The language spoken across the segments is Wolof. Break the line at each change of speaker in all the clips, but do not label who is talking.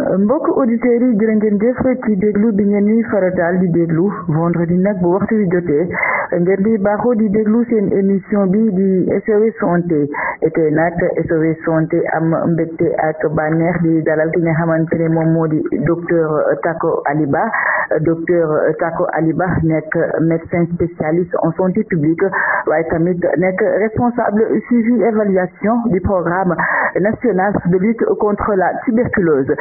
Euh, mbokk auditeurs yi jërë ngeen jëf ci déglu bi ngeen ñuy farataal di déglu vendredi nag bu waxtu wi jotee ngeen di baaxoo di déglu seen émission bi di SOS santé tey nag SOS santé am mbégte ak bànneex di dalal ki nga xamante ne moom moo di docteur Tako Ali Ba docteur Tako Ali Ba nekk médecin spécialiste en santé publique waaye tamit nekk responsable suivi évaluation du programme national de lutte contre la tuberculose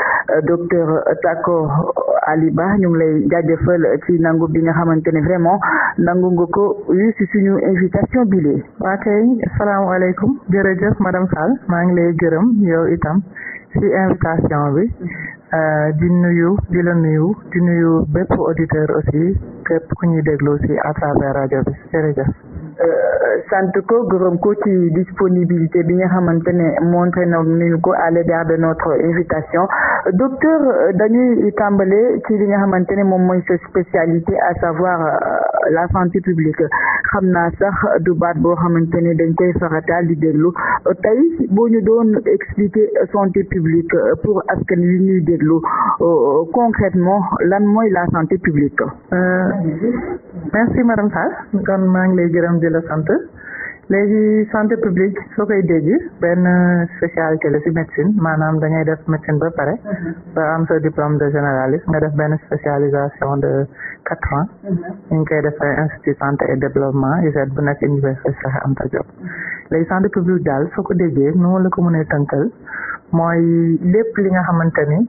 docteur Tako Ali Ba ñu ngi lay jaajëfal nangu bi nga xamante ne
vraiment nangu nga wuyu si suñu invitation bi lee waa kay asalaamaaleykum jërëjëf madame Fall maa ngi lay gërëm yow itam si invitation bi mm-hmm. euh, di nuyu di la nuyu di nuyu bépp auditeur aussi képp ku ñuy déglu aussi à travers rajo bi jërëjëf Euh, sant ko gërëm ko ci
disponibilité bi nga xamante ne montré na ñu ko à l'égard de notre invitation docteur dañuy tàmbale ci li nga xamante ne moom mooy sa spécialité à savoir euh, la santé publique xam naa sax du baat boo xamante ne dañ koy farataal di déglu tey boo ñu doon expliquer santé publique pour askan wi ñuy
déglu euh, concrètement lan mooy la santé publique. di la sant léegi santé publique soo koy dégg benn spécialité la ci médecine maanaam dañuy def médecine ba pare mhm. ba am sa diplôme de généraliste nga def benn spécialisation de quatre ans mhm. ñu ngi koy defee institut santé et développement UGT bu nekk université Cheikh Anta Diop léegi santé publique daal soo ko déggee nu la ko mënee tënkal mooy lépp li nga xamante ni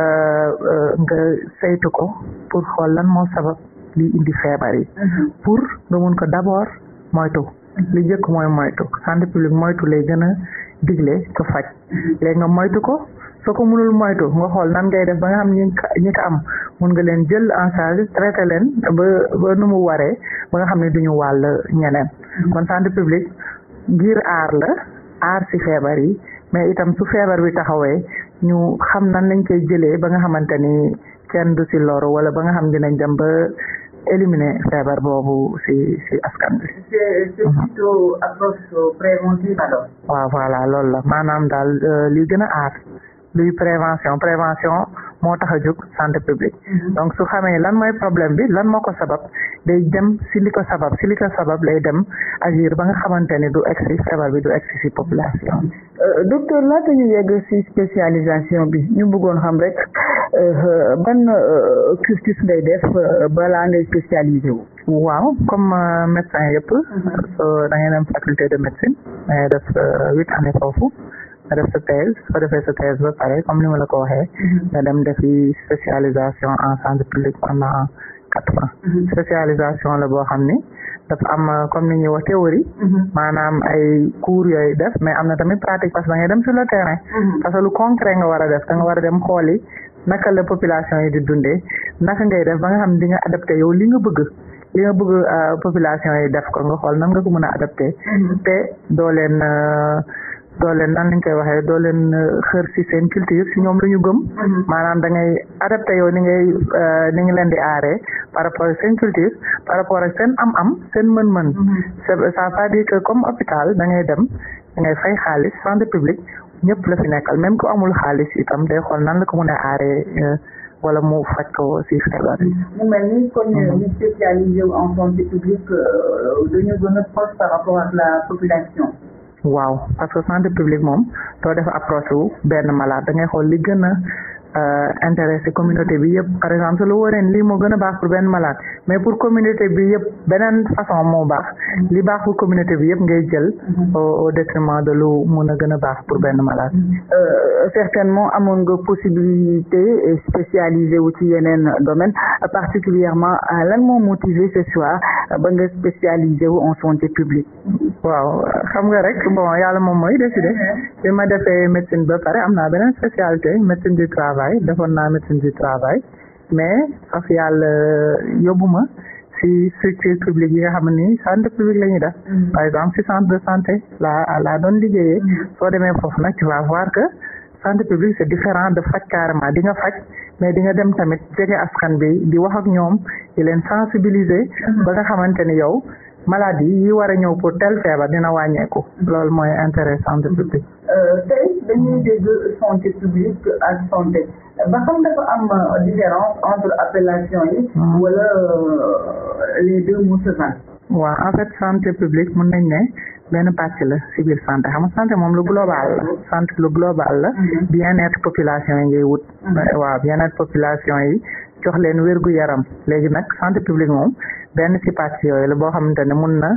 euh, euh, nga saytu ko pour xool lan moo sabab li indi feebar yi mhm. pour nga mun ko d'abord moytu li njëkk mooy moytu lay gën a digle ko faj léegi nga moytu ko soo ko mënul moytu nga xool nan ngay def ba nga xam ñi ko am mun nga leen jël en charge traité leen ba ba nu mu waree ba nga xam ne duñu wàll ñeneen kon santé publique ngir aar la aar ci feebar yi mais itam su feebar bi taxawee ñu xam nan lañ koy jëlee ba nga xamante ni kenn du ci loru wala ba nga xam dinañ dem ba éliminer feebar boobu si si askan bi.
c'est mhm. plutôt approche préventive alors.
waaw voilà loolu la maanaam daal euh, li gën a aar luy prévention prévention. moo tax a jóg santé publique mm-hmm. donc su xamee lan mooy problème bi lan moo ko sabab day dem si li ko sabab si li ko sabab lay dem agir ba nga xamante ni du egsi feebar bi du egsi si population bi.
Euh, laata ñu yegg si spécialisation bi ñu bëggoon xam
rek euh, ban euh, cursus ngay def balaa ngay spécialisé wu. waaw comme médecin yëpp. Mm-hmm. soo da ngay dem faculté de médecine da ngay def huit années foofu. def sa thèse soo defee sa thèse ba pare comme li la ko waxee nga mhm. dem defi spécialisation en santé publique pendant quatre ans mhm. spécialisation la boo xam ni dafa am comme ni ñuy wax théorie mhm. maanaam ay cours yooyu def mais am na tamit pratique parce que da ngay dem sur le terrain parce lu concret nga war a def da nga war a dem xooli naka la population yi di dunde naka ngay def ba nga xam di nga adapté yow li nga bëgg li nga bëgg euh, population yi def ko nga xool nan nga ko mën a te doo leen euh, doo leen nan lañ koy waxee doo leen euh, xër si seen culture si ñoom lu gëm mhm. maanaam da ngay adapté yow ni ngay euh, ni ngi di aaree par rapport a seen culture par rapport a seen am-am seen mën-mën mhm. ça veut dire que hôpital da ngay dem da ngay fay xaalis santé publique ñëpp la fi nekkal même ku amul xaalis itam day xool nan la ko mën a aaree euh, wala mu faj ko si feebar yi.
Mhm. a
waaw parce que santé publique moom soo def approche wu benn malade da ngay xool li gën a intéressé uh, communauté bi yëpp par exemple su la wóoree lii moo gën a baax pour benn malade mais pour communauté bi yëpp beneen façon moo baax li baax pour communauté bi yëpp ngay jël au détriment de lu mun a gën a baax pour benn malade euh, certainement amoon nga possibilité
spécialisé wu ci yeneen domaine particulièrement lan moo motivé
ce soir ba nga spécialisé wu en santé publique waaw xam nga rek bon yàlla moom mooy décidé bi ma defee médecine ba pare am naa beneen spécialité médecine du travail travail defoon naa médecine du travail mais a yàlla yóbbu ma ci structure publique yi nga xam ni santé publique la ñuy def. Mm-hmm. par exemple ci centre de santé la la doon liggéeyee. Mm-hmm. soo demee foofu nag tu vas que santé publique c'est différent de faj carrément di nga faj mais di nga dem tamit jege askan bi di wax ak ñoom di leen sensibiliser. Mm-hmm. ba nga xamante ni yow. maladie yi war a ñëw pour tel feebar dina wàññeeku. loolu mooy intérêt santé publique.
Euh, tey dañuy dégg santé publique ak santé ba xam dafa am euh, différence entre appellation yi. Hmm. wala euh,
les deux mots se valent. waaw en fait santé publique mën nañ ne benn pàcc la ci biir santé xam nga moom lu global la hmm. santé lu global la hmm. bien-être population yi ngay wut. waaw bien population yi. jox leen wérgu yaram léegi nag santé publique moom benn ci yooyu la boo xamante ne mun na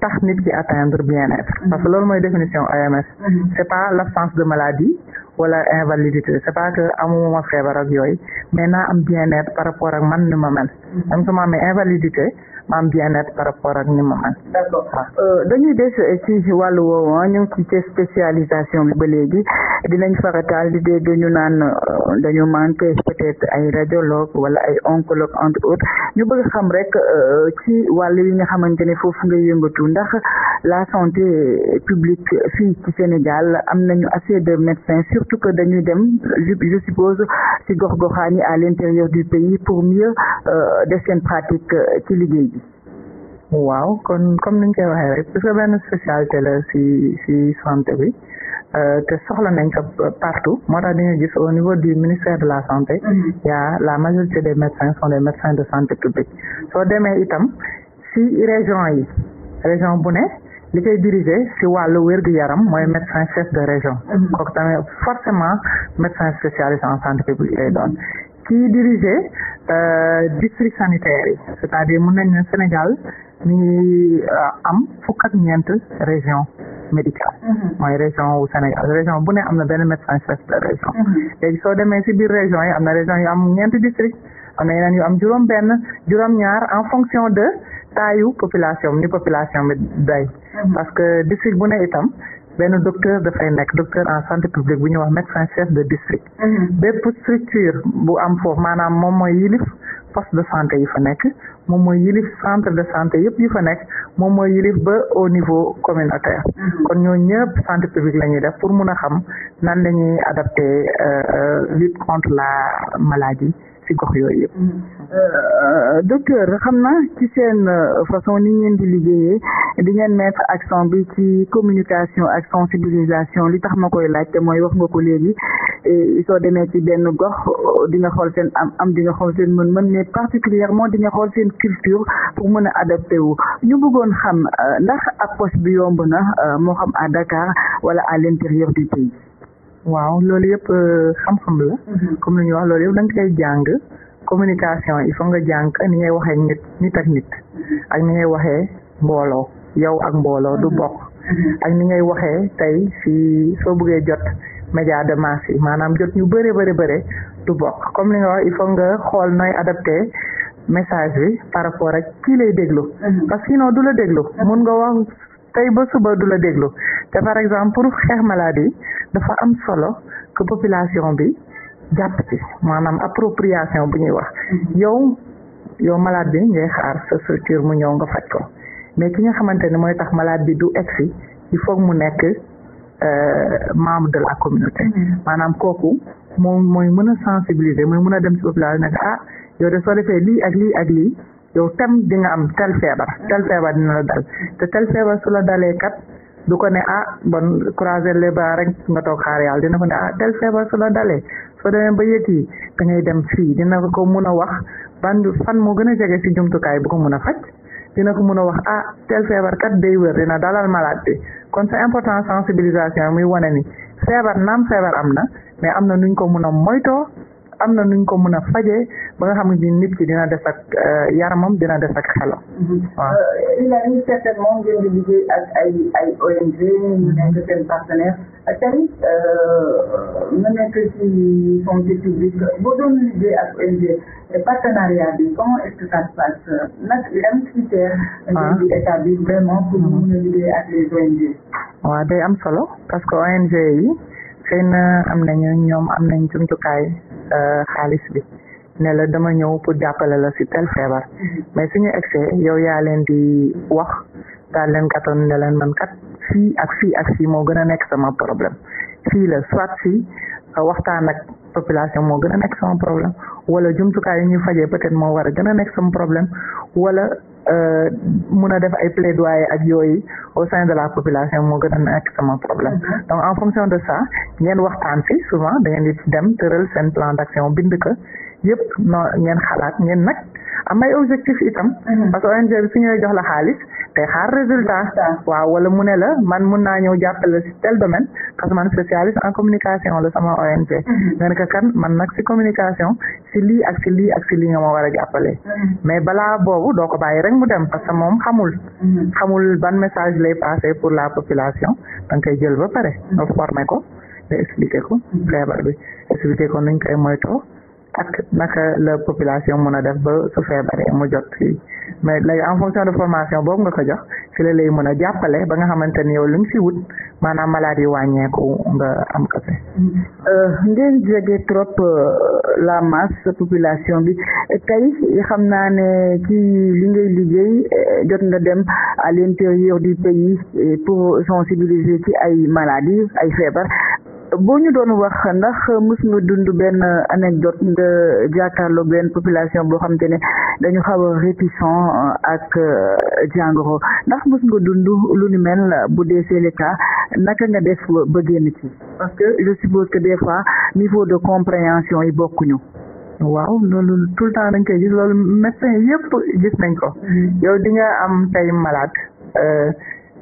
tax nit ki atteindre bien-être mhm. parce que loolu mooy définition OMS mhm. c'est pas l'absence de maladie wala invalidité c'est pas que amuma feebar ak yooyu mais naa am bien-être par rapport ak man ni ma mel am mhm. su invalidité am bien-être par rapport ak ni mu euh,
dañuy des euh, ci wàllu woowu ah, ñu ci spécialisation bi ba léegi dinañ farataal di dégg ñu naan euh, dañu manqué peut ay radiologue wala ay oncologue entre autres ñu bëgg xam rek ci wàll yi nga xamante ne foofu nga yëngatu ndax la santé publique fii ci Sénégal am nañu assez de médecins surtout que dañuy dem je suppose ci gox-goxaan yi à l'intérieur du pays pour mieux def seen pratique ci liggéey
waaw kon comme niñ koy waxee rek parce que benn spécialité la si si santé bi euh, te soxla nañ ka partout moo tax dañoo gis au niveau du ministère de la santé mhm. y la majorité des médecins sont des médecins de santé publique soo demee itam si région yi région bu ne li koy diriger si wàllu wér yaram mooy médecin chef de région mhm. kooku tamit forcément médecin spécialiste en santé publique lay doon kii diriger euh, district sanitaire yi c'est-à-dire mun nañ Sénégal mi ngi eh, am fukk ak ñeent région médicale mhm. mooy région wu Sénégal région bu ne am na benn médecin chef de région mhm. soo demee si biir région yi am na région yu am ñeenti district am na yeneen yu am juróom benn juróom ñaar en fonction de taayu population ni population bi day mhm. parce que district bu ne itam benn docteur dafay nekk docteur en santé publique bu ñuy wax médecin chef de district bépp structure bu am foofu maanaam moom mooy yilif poste de santé yi fa nekk moom mooy yilif centre de santé yëpp yi fa nekk moom mooy yilif ba au niveau communautaire mm-hmm. kon ñoo ñëpp santé publique la ñuy def pour mun a xam nan la ñuy adapté euh, euh, lutte contre la maladie ci gox yooyu yëpp. Mm-hmm. Euh, docteur xam na ci
seen euh, façon ni ngeen di liggéeyee di ngeen mettre accent bi ci communication ak sensibilisation li tax ma koy laajte mooy wax nga ko léegi soo demee ci benn gox di nga xool seen am am di nga xool seen mën-mën mais particulièrement di nga xool seen culture pour mën a adapté wu ñu bëggoon xam euh, ndax approche bi yomb na moo xam à Dakar
wala à l'intérieur du pays. waaw loolu yëpp euh, xam-xam la. Mm-hmm. comme li ñuy wax loolu koy jàng communication il faut nga jàng ni ngay waxee nit nit ak nit mm-hmm. ak ni ngay waxee mbooloo yow ak mbooloo du mm-hmm. bokk. ak ni ngay waxee tey si soo buggee jot média de yi maanaam jot ñu bëre bëre bëre du bokk comme li nga wax il faut nga xool nooy adapté message bi par rapport ak kii lay déglu. parce que sinon du la déglu. mun nga wax tey ba suba du la déglu te par exemple pour xeex maladie dafa am solo que population bi jàpp ci maanaam appropriation bu ñuy wax mm-hmm. yow yow malade bi ngay xaar sa mu ñëw nga faj ko mais ki nga xamante ne mooy tax malade bi du egsi il faut mu nekk euh, membre de la communauté mm-hmm. maanaam kooku moom mooy mën a sensibiliser mooy mën a dem ci population nekk ah yow de soo defee lii ak lii ak lii yow tam di nga am tel feebar mm-hmm. tel feebar dina la dal te tel feebar su dalee kat du ko ne a ah, bon croiser les bras rek nga toog xaar yàlla dina ko ne ah del feebar su la dalee soo demee ba yëg yi da ngay dem fii dina ko mun a wax ban fan moo gën a jege si jumtukaay bu ko mun a faj dina ko mun a wax ah tel feebar kat day wér dina dalal malade bi kon c'est important sensibilisation muy wane ni feebar naam feebar am na mais am na nuñ ko mun a moytoo am na nuñ ko mën a fajee ba nga xam ne nit ki dina des ak euh, yaramam dina des ak xelam. Mm-hmm. waaw euh,
il nekk seen partenaire euh, tamit ñu nekk ci santé publique boo doon liggéey ah. mm-hmm. liggéey ak
ONG. waaw day am solo parce que ONG yi xëy na am nañu ñoom am nañ jumtukaay. Euh, xaalis bi ne la dama ñëw pour jàppale la si tel feebar mm-hmm. mais suñu excès yow yaa leen di wax daal leen katoon ne leen man kat fii ak fii ak fii moo gën a nekk sama problème fii la soit si euh, waxtaan ak population moo gën a nekk sama problème wala jumtukaay yi ñuy fajee peut-être moo war a gën a nekk sama problème wala Euh, mun a def ay plaidoyer ak yooyu au sein de la population moo gën a nekk sama problème mhm. donc en fonction de ça ngeen waxtaan fi souvent da ngeen di dem tëral seen plan d'action bind ko yëpp no ngeen xalaat ngeen nag am ay objectif itam. Mhm. parce que ONG bi su ñëwee jox la xaalis te xaar résultat. waaw wala mu ne la man mun naa ñëw jàppale si tel domaine parce que man spécialiste en communication la sama ONG. Mhm. nga ne ko kan man nag ci communication si lii ak si lii ak si lii nga ma war a jàppale. Mhm. mais balaa boobu doo ko bàyyi rek mu dem parce que moom xamul. xamul ban message lay passer pour la population da nga koy jël ba pare. nga formé ko nga expliqué ko. feebar bi expliqué ko nuñ koy moytoo. ak naka la population mën a def ba su feebaree mu jot fii mais léegi en fonction de formation boobu nga ko jox ci la lay mën a jàppale ba nga xamante ni yow li nga si wut maanaam maladie wàññeeku nga am ko fi. Euh,
ngeen jege trop euh, la masse population bi tey xam naa ne ki li ngay liggéey euh, jot nga dem à l'intérieur du pays pour sensibiliser ci ay maladies ay feebar. boo ñu doon wax ndax mës nga dund benn anecdote nga jàkkaarloo benn population boo xam te ne dañu xaw a réticent euh, ak euh, jàngoro ndax mës nga dund lu ni mel bu dee c'est le cas naka nga def ba génn ci parce que je suppose que des fois niveau de compréhension yi bokkuñu.
waaw loolu tout le temps dañ koy gis loolu médecin yëpp gis nañ ko. Mm-hmm. yow di nga am tay malade. Euh,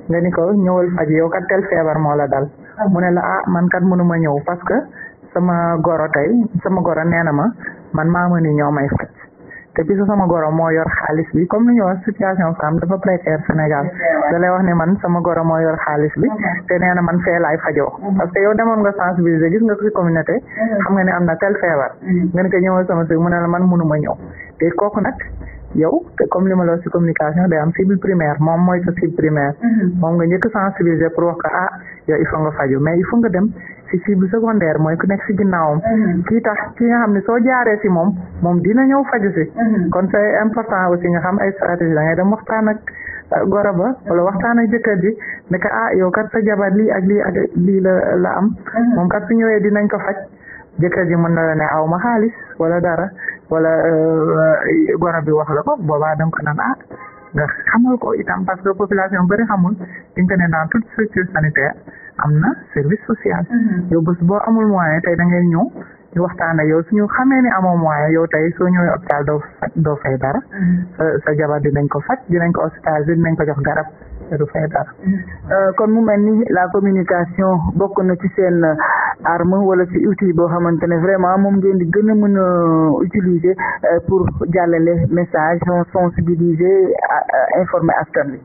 nga ni ko ñëwal faj yow kat tel feebar moo la dal. mu ne la ah man kat mënuma ñëw parce que sama goro tey sama goro nee na ma man maama ni ñoo may faj te bi sama goro moo yor xaalis bi comme ni ñu wax situation femme dafa précaire Sénégal da lay wax ne man sama goro moo yor xaalis bi te nee na man fee laay fajoo parce que yow demoon nga sensibiliser gis nga ko communauté xam nga ne am na tel feebar mm-hmm. nga ne ko ñëwal sama sëy mu ne la man mënuma ñëw te kooku nag yow te comme li ma la communication de am cible primaire moom mooy sa cible primaire. Mhm. moom nga njëkk sensibiliser pour wax ka ah yow il faut nga faju mais il faut nga dem ci cible secondaire mooy ku nekk ci ginnaawam. Mhm. kii tax ki nga xam ne soo jaaree si moom moom dina ñëw faju ci. Mhm. kon c'est important aussi nga xam ay stratégie da ngay dem waxtaan ak euh, goro ba wala waxtaan ak jëkkër ji ne ko ah, yow kat sa jabar lii ak lii ak lii la la am. moom kat su ñëwee dinañ ko faj jëkkër mën na la ne aw ma wala dara. wala garab euh, bi wax la ko boobaa da nga ko naan ah nga xamal ko itam parce que population bëri xamul di nga ne dans toute structure sanitaire am na service social. Mm-hmm. yow bés boo amul moyen tey da ngay ñëw ñu waxtaan ak yow suñu xamee amoo moyen yow tey soo ñëwee hôpital doo doo fay dara.
Mm-hmm.
sa jabar dinañ ko faj dinañ ko jox garab. te
euh, kon mu mel ni la communication bokk na ci seen euh, arme wala ci outil boo xamante ne vraiment moom ngeen di gën a mën a euh, utiliser pour jàllale message sensibiliser
informer askan wi.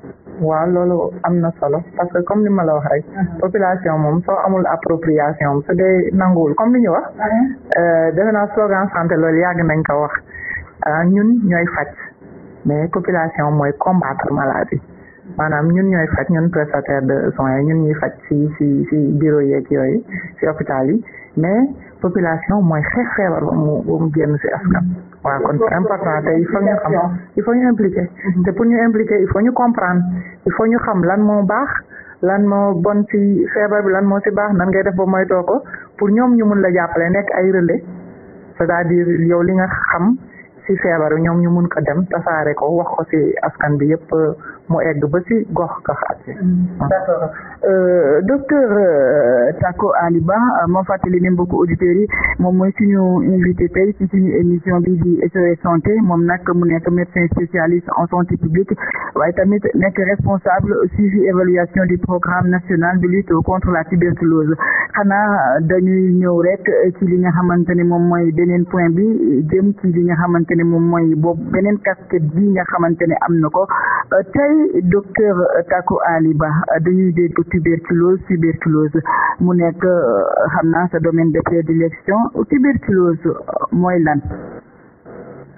waaw loolu am na solo parce que comme ni ma la wax rek mhm. population moom soo amul appropriation su dee nanguwul comme li ñu wax mhm. defe naa slogan santé loolu yàgg nañ ko wax a ñun ñooy faj mais population mooy combattre maladie maanaam ñun ñooy faj ñun prestataire de soins ñun ñuy faj ci ci ci bureau yeeg yooyu ci hôpital yi mais population mooy xeex feebar ba mu ba mu génn ci askan. waaw kon c'est il faut ñu xam il ñu comprendre il faut ñu xam lan moo baax lan moo bon ci feebar bi lan moo ci baax nan ngay def ba moytoo ko pour ñoom ñu mun la jàppale nekk ay relais c'est-à-dire yow li nga xam ci feebar bi ñoom ñu mun ko dem tasaare ko wax ko ci askan bi yépp. mu egg ba ci gox kaxaate mm. ah. d'accord euh, docteur
euh, Tacko Ali Ba euh, ma fàttali ne mbokku auditeurs yi moom mooy suñu invité tey ci suñu émission bi di SOS santé moom nag mu nekk médecin spécialiste en santé publique waaye tamit nekk responsable suivi évaluation du programme national de lutte contre la tuberculose xanaa dañuy ñëw rek ci li nga xamante ne moom mooy beneen point bi jëm ci li nga xamante ne moom mooy boobu beneen casquette bi nga xamante ne am na ko tey mooy docteur Tako Ali Ba dañuy dégg tuberculose tuberculose mu nekk euh, xam naa sa domaine de prédilection tuberculose euh,
mooy lan.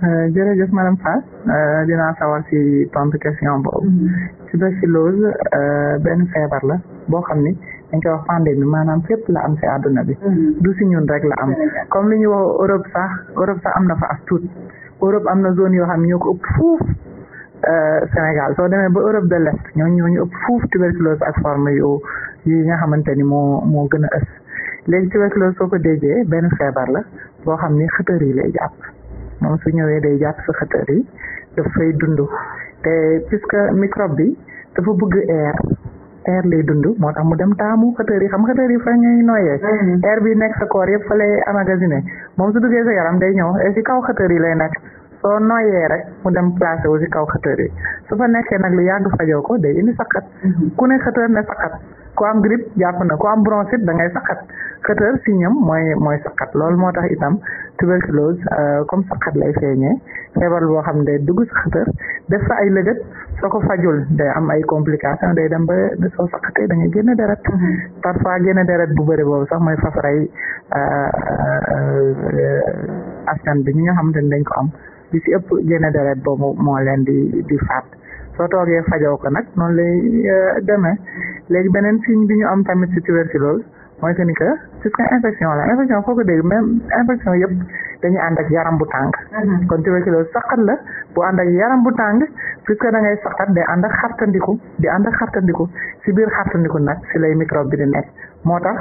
Euh, jërëjëf madame Fass dinaa sawar si tontu question boobu. Mm-hmm. tuberculose benn feebar la boo xam ni dañ koy wax pandémie maanaam fépp la am si àdduna bi. Mm-hmm. du si ñun rek la am. comme li ñu wax Europe sax Europe sax am na fa as tuut Europe am na zone yoo xam ñoo ko ëpp Euh, Sénégal soo demee ba Europe de l'Est ñooñu ñooñu ëpp fuuf tuberculose ak forme yu yi nga xamante ni moo moo gën a ës léegi tuberculose soo ko déggee benn feebar la boo xam ni xëtër yi lay jàpp moom su ñëwee day jàpp sa xëtër yi daf fay dund te puisque microbe bi dafa bëgg air air lay dund moo tax mu dem taamu xëtër yi xam xëtër yi fa ñuy noyyee mm-hmm. air bi nekk sa koor yëpp fa lay amagasiné moom su duggee sa yaram day ñëw si kaw xëtër yi lay nekk soo noyyee rek mu dem placé wu ci kaw xëtër yi su fa nekkee nag lu yàgg fajoo ko day indi sakkat mhm. ku ne xëtër ne sakkat ku am grippe jàpp na ku am bronchite da ngay sakkat xëtër ci ñam mooy mooy sakkat lool moo tax itam tuberculose euh, comme sakkat lay feeñee feebar boo xam ne day dugg sa def fa ay lëgët soo ko fajul day am ay complication day dem ba soo sakkatee da ngay génne deret mhm. parfois génne deret bu bëri boobu sax mooy faf rey askan bi ñi nga xamante ne dañ ko am li ci ëpp génne deret boobu moo leen di di faat soo toogee fajoo ko nag noonu lay euh, demee léegi beneen signe bi ñu am tamit ci tuberculose mooy que ni que puisque infection la infection foo ko dégg même infection yëpp dañuy ànd ak yaram bu tàng. Mm-hmm. kon tuberculose saqat la bu ànd ak yaram bu tàng puisque da ngay saqat day ànd xartandiku di ànd ak xartandiku si biir xartandiku nag si lay microbe bi di nekk moo tax.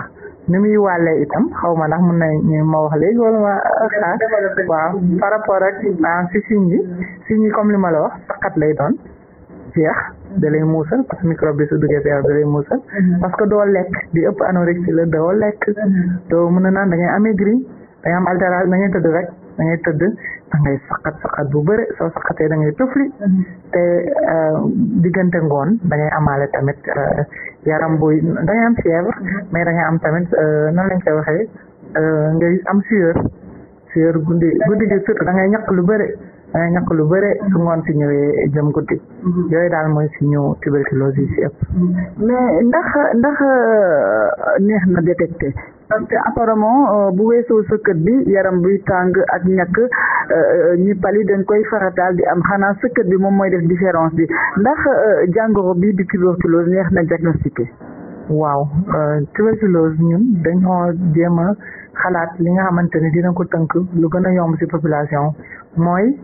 ni muy wàllee itam xaw ma ndax mun na ma wax léegi wala ma xaar waaw par rapport ak ah si signe yi signe comme li ma la wax saqat lay doon jeex da lay muusal parce que bi su duggee sa yaram mm-hmm. parce que doo lekk di ëpp anorexie la doo lekk mm-hmm. doo mën a naan da ngay amaigri da ngay am altération da ngay tëdd rek da ngay tëdd da ngay bu bëre soo saqatee da ngay tëfli mm-hmm. te euh, diggante ngoon da ngay amaale tamit euh, yaram buy da ngay am fièvre mm-hmm. mais da ngay am tamit euh, nan lañ koy ngay am sueur sueur guddi guddi gi surtout da lu bëre dana ñaq lu bëre su ngoon si ñëwee jëm guddi mm-hmm. yooyu daal mooy si suñu tuberculose yi si ëpp mm-hmm. mais ndax ndax euh,
neex na détecté parce que apparemment euh, bu weesoo sëkkat bi yaram buy tàng ak ñàkk euh, ñi pali dañ koy farataal di am xanaa sëkkat bi moom mooy def différence bi
ndax jàngoro bi di tuberculose neex na diagnostiqué waaw tuberculose ñun dañoo jéem a xalaat li nga xamante ne dina ko tënk lu gën a yomb ci population mooy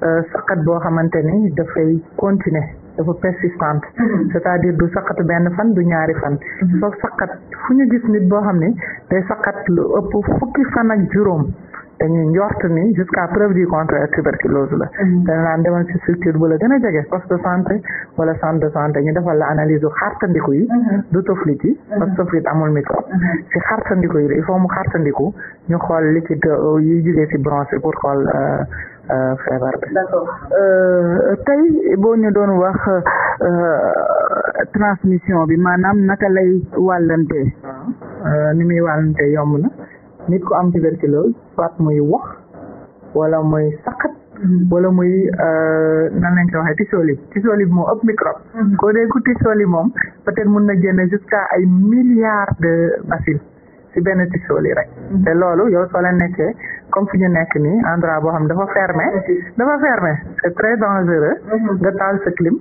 Euh, saqat boo xamante ni dafay continuer dafa persistante mm-hmm. c'est-à-dire du saqat benn fan du ñaari fan mm-hmm. soo saqat fu ñu gis nit boo xam ne day saqat lu ëpp fukki fan ak juróom dañuy njort ni jusqu'à preuve du contraire tuberculose la mm-hmm. dañ laan demal ci structure bu la gën a jege poste de santé wala centre de santé ñu defal la analyse u xartandiku yi du toflit yi parce que toflit amul microbe ci xartandiku yi il mu xartandiku ñu xool liquide euh, yu jugee ci bronche pour xool euh, feebar bi. d'accord euh, tey boo ñu doon
wax euh, transmission bi maanaam naka lay wàllante. Ah,
euh, ni muy wàllante yomb na nit ku am tuberculose soit muy wax wala muy saxat hmm. wala muy nan lañ koy waxee tisoli tisoli bi moo ëpp microbe. Hmm. koo dee ku tisoli moom peut-être mun na génne jusqu'à ay milliards de bacilles. ci benn rek. Mhm. te loolu yow soo leen nekkee comme fi ñu nekk nii endroit boo xam dafa fermé. Mhm. dafa fermé c'est très dangereux. Mhm. nga taal sa clim.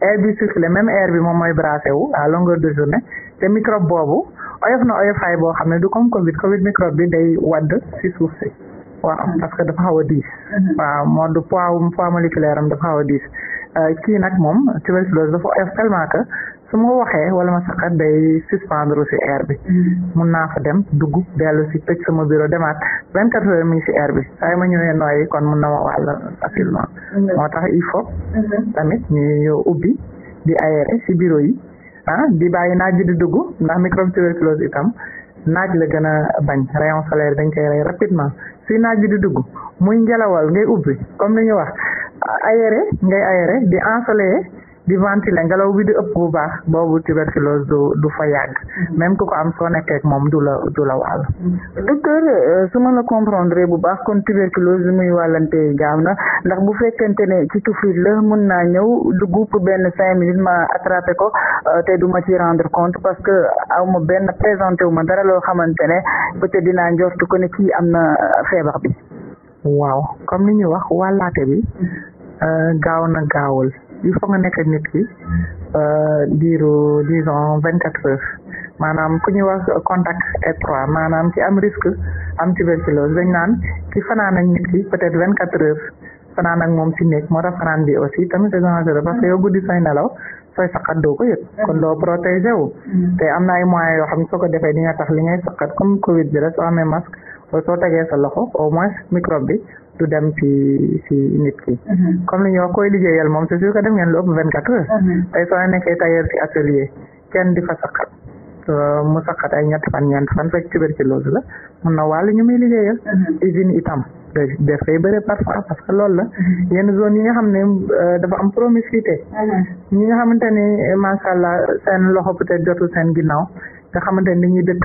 air bi circulé même air bi moom mooy brassé wu à longueur de journée te microbe boobu oyof na oyofaay boo xam ne du comme Covid Covid microbe bi day wadd ci suuf si waaw parce que dafa xaw a diis. waaw moo du poids poids moléculaire am dafa xaw a diis euh, kii nag moom tuberculose dafa oyof tellement su ma waxee wala ma saqat day suspendre ci air bi mm-hmm. mun naa fa dem dugg dellu ci tëj sama bureau demaat vingt quatre heures mi ngi ci air bi saa ma ñëwee nooyi kon mun na ma wàll facilement mm-hmm. moo tax il faut mm-hmm. tamit ñu ubbi di aéré ci bureau yi ah di bàyyi naaj bi di dugg ndax microbe tuberculose itam naaj la gën a bañ rayon solaire dañ koy rey rapidement si naaj bi di dugg muy ngelawal ngay ubbi comme ni ñu wax aéré ngay aéré di ensoleillé di ventiler ngelaw bi di ëpp bu baax boobu tuberculose du fa yàgg même ku ko am soo nekkee moom du la du la wàll. docteur euh, su ma la comprendre bu baax kon
tuberculose bi muy wàllante gaaw na ndax bu fekkente ne ci tuflit la mën naa ñëw dugub benn cinq minutes ma ko euh, te du ma ci rendre compte parce que aw ma benn présenté wu ma dara loo xamante ne peut-être dinaa njortu ko ne kii am na euh, feebax bi.
waaw comme ni wax wàllaate bi gaaw na gaawul. il faut nga nekk nit ki euh, diiru disons vingt quatre heures maanaam ku ñuy wax contact étroit maanaam ci am risque am tuberculose dañ naan ci fanaan ak nit ki peut être vingt quatre heures fanaan ak moom ci néeg moo tax fanaan bi aussi tamit c'est dangereux parce que yow guddi sooy nelaw sooy saqat doo ko yëg kon doo protégé wu te am na ay moyens yoo xam ne soo ko defee di nga tax li ngay saqat comme covid bi rek soo amee masque soo tegee sa loxo au moins microbe bi du dem ci ci nit ki. Mhm. comme li ñu wax koy liggéeyal moom c'est sûr que def ngeen lu ëpp vingt quatre heures. Mhm. soo nekkee tailleur ci atelier kenn di fa saxat mu saxat ay ñetti fan ñeenti fan fekk tuberculose la mun na wàll ñu muy liggéeyal. Mhm. usine itam. dafay bëre parfois parce que loolu la yenn zone yi nga xam ne euh, dafa am promiscuité ñi nga xamante ni macha allah seen loxo peut-être jotul seen ginnaaw nga xamante ni dañuy dëkk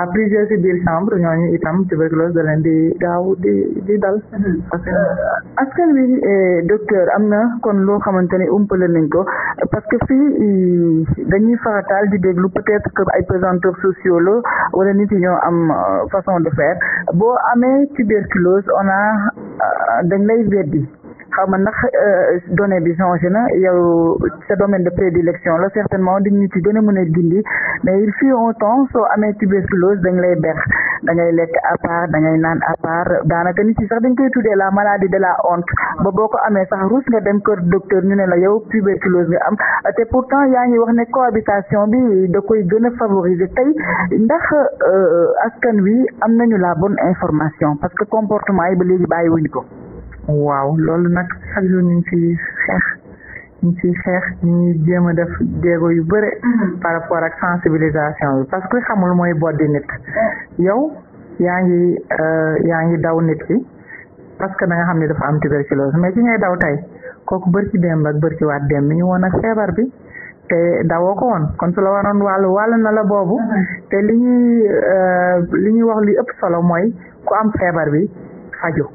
à plusieurs si biir chambre ñooñu itam tuberculose da leen di gaaw di di dal. parce mm-hmm. que askan wi eh, docteur am na kon loo xamante ni umpale nañ
ko parce que fii eh, dañuy farataal di déglu peut-être que ay présenteurs sociaux la wala nit yi ñoo am eh, façon de faire boo amee tuberculose on a dañ lay weddi xaw ma ndax euh, donnée bi changé na yow sa domaine de prédilection la certainement di ñu ci gën a mën a gindi mais il fut un temps soo amee tuberculose dañ lay ber da ngay lekk à part dangay naan à part daanaka nit yi sax dañ koy tuddee la maladie de la honte ba boo ko amee sax ruus nga dem kër docteur ñu ne la yow tuberculose nga am te pourtant yaa ngi wax ne cohabitation bi da koy gën a favoriser tey ndax euh, askan wi am nañu la bonne information parce que comportement yi ba léegi
bàyyiwuñ ko waaw loolu nag chaque jour ñu ngi ciy xeex ñu fi xeex ñu ngi jéem a def jéego yu bëre. Mhm. par rapport ak sensibilisation bi parce que xamul mooy boddi nit. Eh. yow yaa ngi euh, yaa ngi daw nit ki parce que da nga xam ne dafa am tuberculose mais ki ngay daw tey kooku bër ci démb ak bër ci waat ñu woon ak feebar bi. te dawoo ko woon kon su la waroon wàllu na la boobu mhm. te li ñuy euh, li ñuy wax li ëpp solo mooy ku am feebar bi faju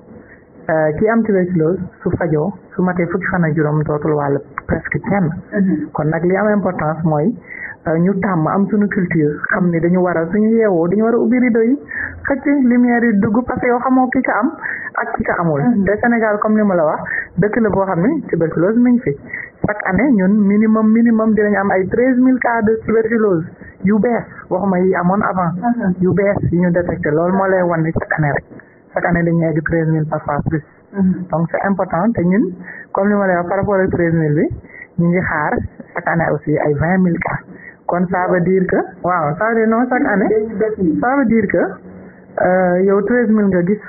Euh, ki am tuberculose su fajoo su matee fukki fan ak juróom dootul wàll presque kenn mhm. kon nag li am importance mooy euh, ñu tàmm am suñu culture xam ni dañu war a suñu yeewoo dañu war a ubbi rido yi xëcc lumière dugg parce que yow xamoo ki ka am ak ki ka amul mhm. te Sénégal comme ni ma la wax dëkk la boo xam ni tuberculose mi ngi fi chaque année ñun minimum minimum dinañ am ay treize mille cas de tuberculose yu bees waxuma yi amoon avant mhm. yu bees yi ñu détecté loolu moo lay wan ne chaque chaque année dañuy egg treize mille parfois plus. Mm-hmm. donc c' important te ñun comme ni ma lay par rapport ak treize mille bi ñu ngi xaar chaque aussi ay vingt mille cas kon ça veut dire que waaw ça veut dire non chaque année euh, yow treize mille nga gis.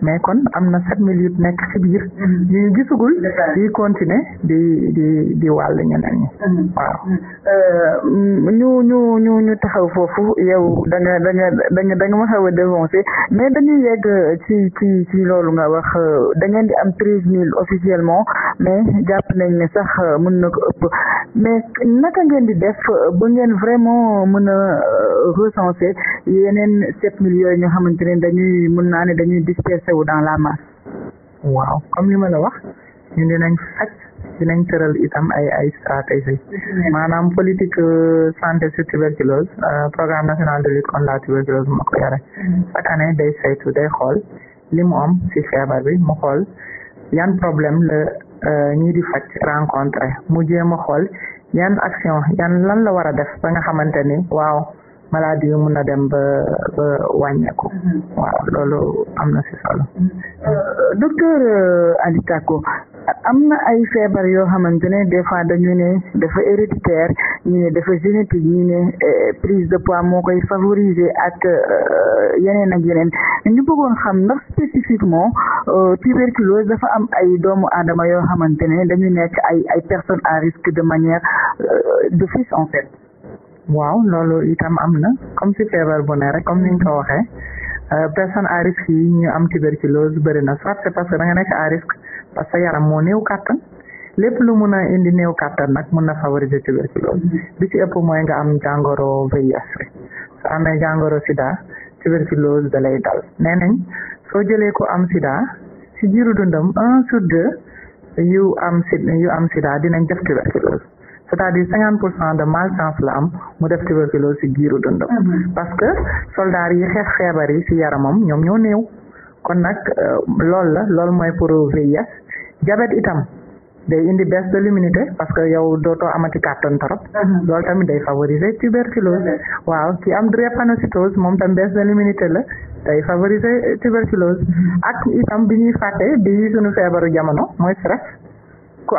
mais kon am na sept mille yu nekk ci biir ñu gisugul di continuer di di di wàll ñeneen ñi euh, ñu ñu ñu ñu taxaw foofu yow
da nga da da nga da nga ma xaw a dévancé mais dañuy yegg ci ci loolu nga wax da ngeen di am treize mille officiellement mais jàpp nañ ne sax mën na ko ëpp mais naka ngeen di def ba ngeen vraiment mën a euh, recenser yeneen sept mille yooyu ñu xamante ne dañuy mën naa ne dañuy disperser déversé dans la masse
waaw comme li ma la wax ñun dinañ faj dinañ tëral itam ay ay stratégie maanaam politique euh, santé sur tuberculose euh, programme national de lutte contre la tuberculose moo ko yore mm-hmm. chaque année day saytu day xool li mu am ci feebar bi mu xool yan problème la euh, ñii di faj rencontré mu jéem a xool yan action yan lan la war a def ba nga xamante waaw maladie mun na dem ba ba wàññeeku. Mm-hmm. waaw loolu am na si solo. Mm-hmm.
Euh, docteur euh, Ali am na ay feebar yoo xamante ne des fois dañu ne dafa héréditaire ñu ne dafa génétique ñu ne euh, prise de poids moo koy favoriser ak yeneen ak yeneen ñu bëggoon xam ndax spécifiquement tuberculose dafa am ay doomu aadama yoo xamante ne dañu nekk ay ay personnes à risque de
manière de fait en fait. waaw loolu itam am na comme si feebar bu ne rek comme ni ñu ko waxee euh, personne a risque yi ñu am tuberculose bëri na soit c'est parce que da nga nekk à risque parce que yaram moo néew kàttan lépp lu mun a indi néew kàttan nag mun na favoriser tuberculose bi ci ëpp mooy nga am jàngoro VIH bi soo amee jàngoro sida tuberculose da lay dal nee nañ soo jëlee ko am sida si jiiru dundam un sur deux yu am sida am sida dinañ def tuberculose c'est-à-dire cinquante pour cent de malchance la am mu def tuberculose ci giiru dundam mm-hmm. parce que soldaar yi xeex feebar yi ci yaramam ñoom ñoo néew kon nag euh, loolu la loolu mooy pour VIH diabète itam day indi baisse de l'immunité parce que yow dootoo amati kàttan trop mm-hmm. loolu tamit day favoriser tuberculose mm-hmm. waaw ki am drépanocytose moom tam baisse de l'immunité la day favoriser tuberculose ak itam bi ñuy fàtte bi sunu feebaru jamono mooy stress ku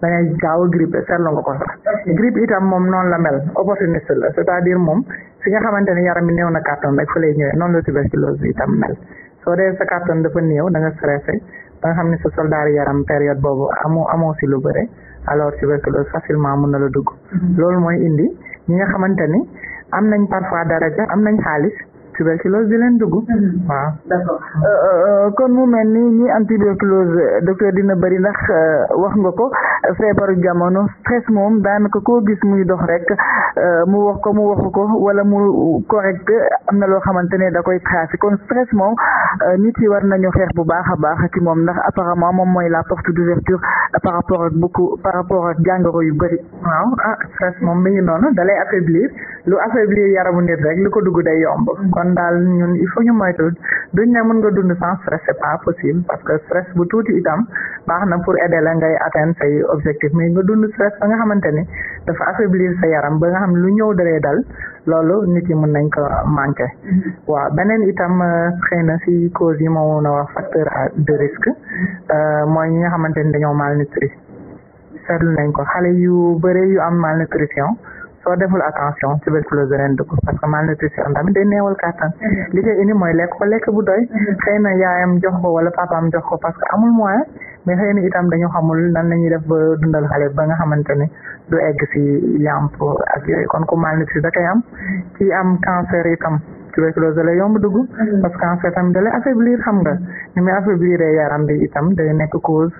da ngay gaaw a grippe seetlu nga ko sax grippe itam moom noonu la mel opportuniste la c'est-à-dire moom fi nga xamante ne yaram bi néew na kàttan rek fa lay ñëwee noonu la tuberculose bi itam mel soo dee sa kàttan dafa néew da nga stressé ba nga xam ne sa soldaar yaram période boobu amoo amoo si lu bëre alors tuberculose facilement mun na la dugg mm-hmm. loolu mooy indi ñi nga xamante ni am nañ parfois daraja am nañ xaalis tuberculose di leen dugg. waaw d'accord euh, euh, euh, kon mu mel
ni ñi am tuberculose docteur dina bëri ndax wax nga ko feebaru jamono stress moom daanaka ko gis muy dox rek mu wax ko mu waxu ko wala mu correct am na loo xamante ne da koy tracé kon stress moom nit yi war nañu xeex bu baax a baax ci moom ndax apparemment moom mooy la porte d'ouverture par rapport ak beaucoup par rapport ak jàngoro
yu bëri. waaw ah stress moom mi ngi noonu dalay affaiblir lu affaiblir yaramu nit rek lu dugg kon daal ñun il faut ñu moytu duñ ne mën nga dund sans stress c'est pas possible parce que stress bu tuuti itam baax na pour aider la ngay atteindre say objectif mais nga dund stress ba nga xamante ni dafa affaiblir sa yaram ba nga xam lu ñëw dalee dal loolu nit yi mën nañ ko manqué. Mm-hmm. waaw beneen itam euh, xëy na si cause yi ma woon a wax facteur de risque mm-hmm. euh, mooy ñi nga xamante ni dañoo malnutri seetlu nañ ko xale yu bëre yu am malnutrition. soo deful attention tuberculose danañ dugg parce que malnutrition tamit day néewal kàttan mm-hmm. li koy indi mooy lekk ko lekk bu doy mm-hmm. xëy na yaayam jox ko wala papaam jox ko parce que amul moyen mais xëy da koy am ci mm-hmm. am cancer itam tuberculose da lay yomb da lay affaiblir xam nga ni itam day nekk cause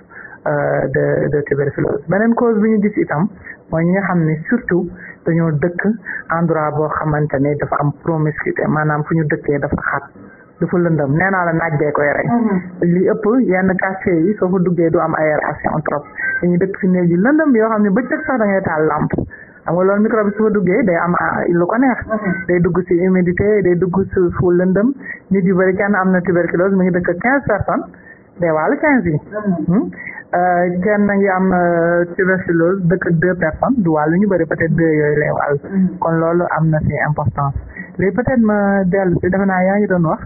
euh, de de tuberculose beneen cause bi ñu gis itam mooy ñi xam ne surtout dañoo dëkk endroit boo xamante ne dafa am promiscuité maanaam fu ñu dëkkee dafa xat dafa lëndëm nee naa la naaj bee koy rek mhm. li ëpp yenn quartier yi soo fa duggee du am aération trop dañuy dëkk si néegi yi lëndëm yoo xam ne bëccëg sax da ngay taal lampe xam nga loolu microbe bi duggee day am ah, lu ko neex mhm. day dugg si humidité day dugg si fu lëndëm nit yu bëri kenn am na tuberculose mu ngi dëkk quinze personnes day wàllu quinze yi mhm. hmm? Euh, kenn ngi am euh, tuberculose dëkk deux personnes du wàllu ñu bëri peut-être deux yooyu lay wàll. Mm-hmm. kon loolu am na ci importance léegi peut-être ma dellu ci defe naa yaa ngi doon wax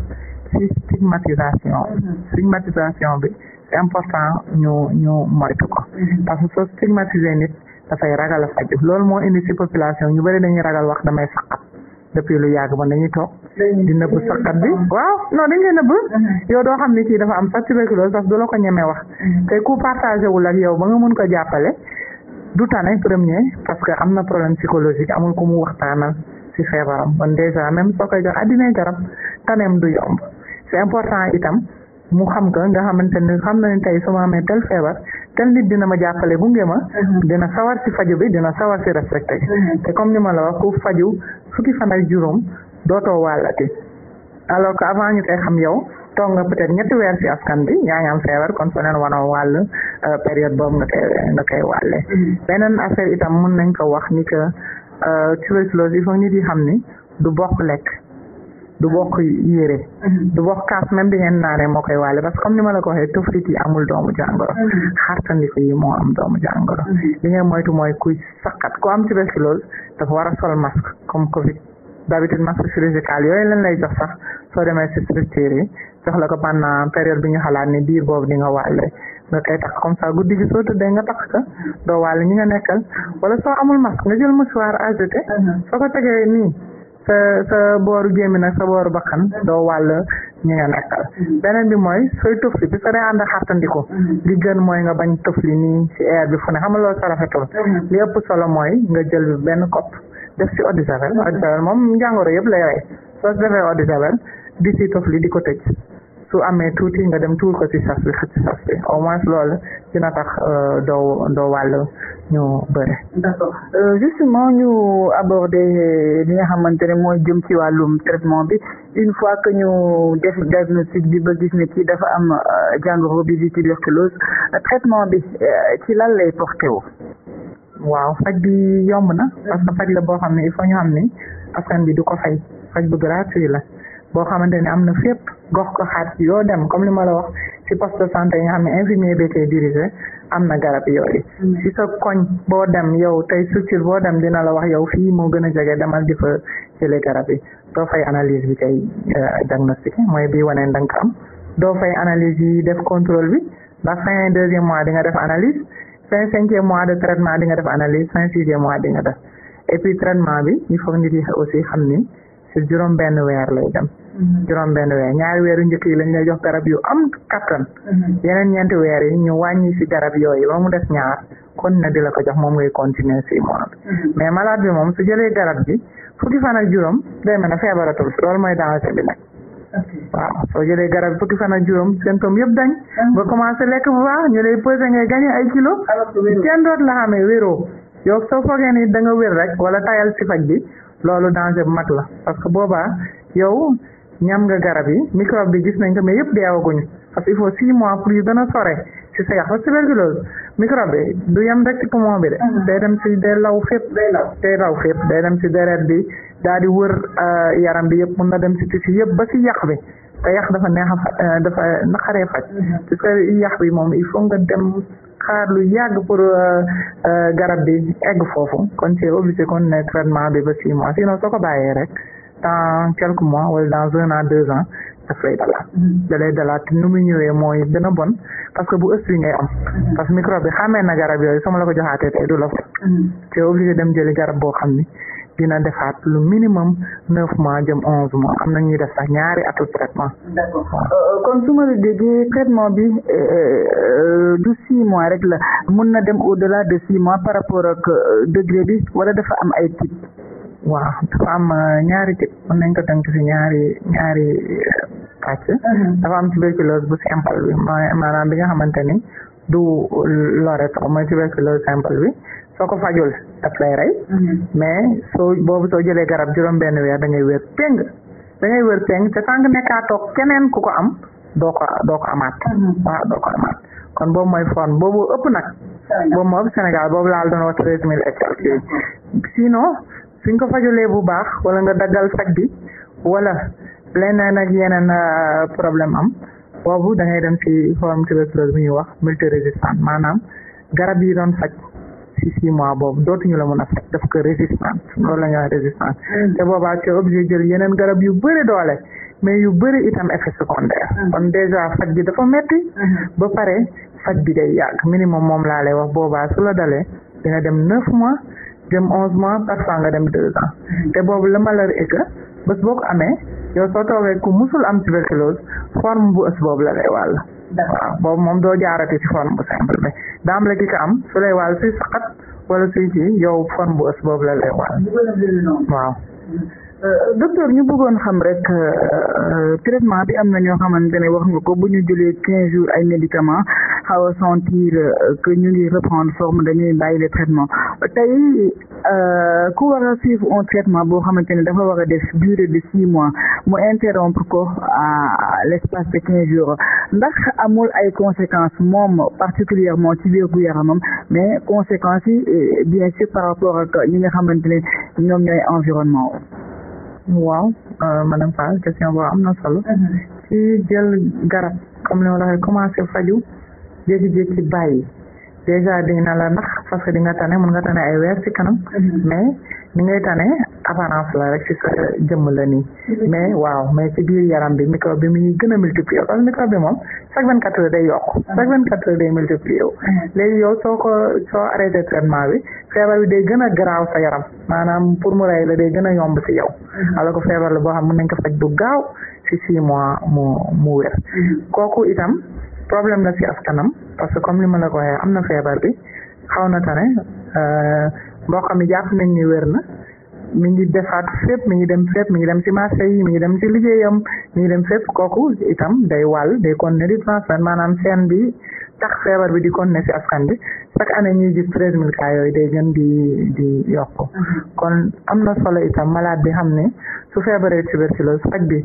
ci stigmatisation. Mm-hmm. stigmatisation bi c'est important ñu ñu moytu ko. Mm-hmm. parce que soo stigmatiser nit dafay ragal a faju loolu moo indi ci population ñu bëri dañuy ragal wax may saqat depuis lu yàgg man dañuy toog. di nëbb saqat bi waaw non dañ lay nëbb mhm. yow doo xam ni kii dafa am sax tuberculose parce que du la ko ñemee wax mhm. te ku partagé wul ak yow ba nga mun ko jàppale du tane premier parce que am na problème psychologique amul ku mu waxtaanal ci feebaram kon déjà même soo koy jox addinay ta taneem du yomb c'est important itam mu xam ko nga xamante ne xam na ne tey su ma amee tel feebar tel nit dina ma jàppale gunge ma mhm. dina sawar ci faju bi dina sawar te comme ni ma la wax ku faju fukki fan ak dootoo wàllati alors que avant ñu koy xam yow toog nga peut-être ñetti weer ci askan bi yaa ngi am feebar kon feneen wanoo wàll euh, période boobu nga koy nga koy wàllee. Mm-hmm. beneen affaire itam mën nañ ko wax ni que euh, tuberculose il faut nit yi xam ni du bokk lekk du bokk yére mm-hmm. du bokk kaas même bi ngeen naanee moo koy wàlle parce que comme ni ma la ko waxee toflit yi amul doomu jàngoro mm-hmm. xartandiku yi moo am doomu jàngoro li ngay moytu mooy kuy saqat ku am tuberculose dafa wara a sol masque d'habitude masque chirurgical yooyu lañ lay jox sax soo demee si structure yi jox la ko pendant période bi ñu xalaat ni biir boobu di nga wàlle nga koy takk comme ça guddi gi soo tëddee nga takk ko doo wàlle ñi nga nekkal wala soo amul masque nga jël mouchoir agité uh-huh. soo ko tegee nii sa nag sa booru bakkan doo wàll uh-huh. beneen bi mooy sooy tëfli bi soo dee ànd xartandiku uh-huh. li gën mooy nga bañ tëfli nii si air bi fu ne xam sa rafetul li ëpp solo mooy nga jël benn kopp def ci eau de javel moom njàngoro yëpp lay rey soo defee eau de javel di si tof li di ko tëj su amee tu tuuti nga dem tuur ko si sas bi xëcc au moins loolu dina tax euh, doo doo wàll ñu bëre. d'accord euh, justement ñu aborder li nga xamante ne mooy jëm ci wàllum
traitement bi une fois que ñu def diagnostic bi ba gis ne kii dafa am euh, jàngoro bi di tuberculose traitement bi ci lan lay porté wu.
waaw faj bi yomb na parce que faj la boo xam ne il faut ñu xam ni askan bi du ko fay faj bu gratuit la boo xamante ne am na fépp gox ko xaat yoo dem comme li ma la wax si poste de santé yi nga xam ne infirmier bi koy dirigé am na garab yooyu ci mm. sa koñ boo dem yow tey structure boo dem dina la wax yow fii moo gën a jege demal di fa jëlee garab yi doo fay analyse bi koy euh, diagnostiqué mooy bi waneen da nga ko am doo fay analyse yi def contrôle bi ndax fin deuxième mois di nga def analyse cinq cinquième mois de traitement di nga def analyse cinq sixième mois di nga def et traitement bi il faut nit yi aussi xam ni si juróom benn weer lay dem mm-hmm. juróom benn weer ñaari weeru njëkk yi lañ lay jox garab yu am kattan mm-hmm. yeneen ñeenti weer yi ñu wàññi ci garab yooyu ba mu des ñaar kon na di la ko jox moom ngay continuer si mois bi mm-hmm. mais malade bi moom si jëlee garab bi fukki fan juróom day mel feebaratul loolu mooy danger bi nag waaw soo jëlee garab fukki fan ak juróom symptôme yëpp dañ nga ah. commencé lekk bu baax ñu lay pesé ngay gagné ay kilo kenn doot la xamee wéroo yow soo foogee ni da wér rek wala tayal si faj bi loolu danger bu mag la parce que boobaa yow ñam nga garab yi microbe bi gis nañ ko mais yëpp deewaguñu parce que il faut six mois pour yu gën a ci sa yax tuberculose microbe bi du yem rek ci poumon bi de. day dem ci day law fépp. day law day law fépp day dem ci deret bi daal di wër yaram bi yëpp mën na dem ci tissu yëpp ba ci yax bi te yax dafa neex a dafa naqaree faj. parce yax bi moom i faut nga dem. xaar lu yàgg pour garab bi egg foofu kon c'est obligé kon ne traitement bi ba six mois sinon ko bàyyee rek dans quelques mois wala dans un daf lay dalaat mm-hmm. da dalaat nu mu ñëwee mooy gën a bon parce que bu ëpp bi ngay am mm-hmm. parce que microbe bi na garab yooyu sama la ko joxaatee tey du la fa mm-hmm. te dem jëli garab boo xam ni dina defaat lu minimum neuf mois jëm onze mois am na ñuy def sax ñaari atu traitement euh, euh,
kon su ma la traitement bi euh, du six mois rek la mun na dem au delà de six mois par rapport ak
degré bi wala dafa am ay type waaw dafa am euh, ñaari type mën ko tënk ci ñaari ñaari euh, pàcc mm-hmm. dafa am tuberculose bu simple bi maanaam bi nga xamante ni du loret mooy tuberculose simple bi soo ko fajul daf lay rey mm-hmm. mais soo boobu soo jëlee garab juróom benn weer da ngay wér péng te ngay wér péng te keneen ku ko am doo ko mm-hmm. doo ko amaat kon boobu mooy forme boobu ëpp nag boobu moo ëpp Sénégal boobu laal doon wax treize mille hectares sinon suñ ko fajulee bu baax wala nga daggal faj bi wala leneen ak yeneen euh, problème am boobu da ngay dem ci forme tuberculose bi ñuy wax multirésistant maanaam garab yi doon faj ci six mois boobu dootuñu la mën a faj daf ko résistance loolu la ñuy wax résistance mm. te boobaa ci obligé jël yeneen garab yu bëri doole mais yu bëri itam effet secondaire mm. kon déjà faj bi dafa metti mm-hmm. ba pare faj bi day yàgg minimum moom laa lay wax boobaa su la dalee dina dem neuf mois jëm onze mois parfois nga dem deux ans te boobu le malheur est que bés ko amee yow soo toogee ku musul am tuberculose forme bu ës boobu la lay wàll. waaw moom doo jaarati ci forme bu simple bi daam la am su lay wàll suy saqat wala suy ci la lay wàll. waaw. Euh, docteur ñu bëggoon
xam rek euh, euh, traitement bi am na ñoo xamante ne wax ko bu ñu jëlee quinze jours ay médicaments xaw a sentir que ñu ngi reprendre forme dañuy bàyyi le traitement tey euh, ku war a suivre un traitement boo xamante ne dafa war a def durée de six mois mu interrompre ko à l' espace de quinze jours ndax amul ay conséquences moom particulièrement ci wérgu yaramam mais conséquences yi eh, bien sûr par rapport ak ñi nga xamante ne ñoom ñooy environnement waaw
euh, madame Fall question boobu am na solo mhm. ci jël garab comme ni ma la waxee commencé faju jékki-jékki bàyyi déjà dina la ndax parce que di nga tane mun nga tane ay weer ci kanam mhm. mais ni ta tane apparence la rek ci sa jëmm la nii mhm. mais waaw mais ci biir yaram bi microbe bi muy gën a multiplier parce que microbe bi moom chaque vingt quatre heures day yokk mhm. chaque vingt quatre heures day multiplier yow soo ko soo arrêté traitement bi feebar bi day gën a garaaw sa yaram maanaam pour mu rey la day gën a yomb ci yow alors que feebar la boo xam mën nañ ko faj bu gaaw ci six mois mu mu wér kooku itam problème la ci askanam parce que comme li ma la waxee am na feebar bi xaw na tane euh, mboq mi jàpp nañ ni wér na mi ngi defaat fépp mi ngi dem fépp mi ngi dem ci marché yi mi ngi dem ci liggéeyam mi ngi dem fépp kooku itam day wal day continuer di transmettre maanaam seen bi tax feebar bi di continuer ci askan bi chaque année ñuy gis treize mille cas yooyu day gën di di yokk mm-hmm. kon am na solo itam malade bi xam ne su feebaree tuberculose faj bi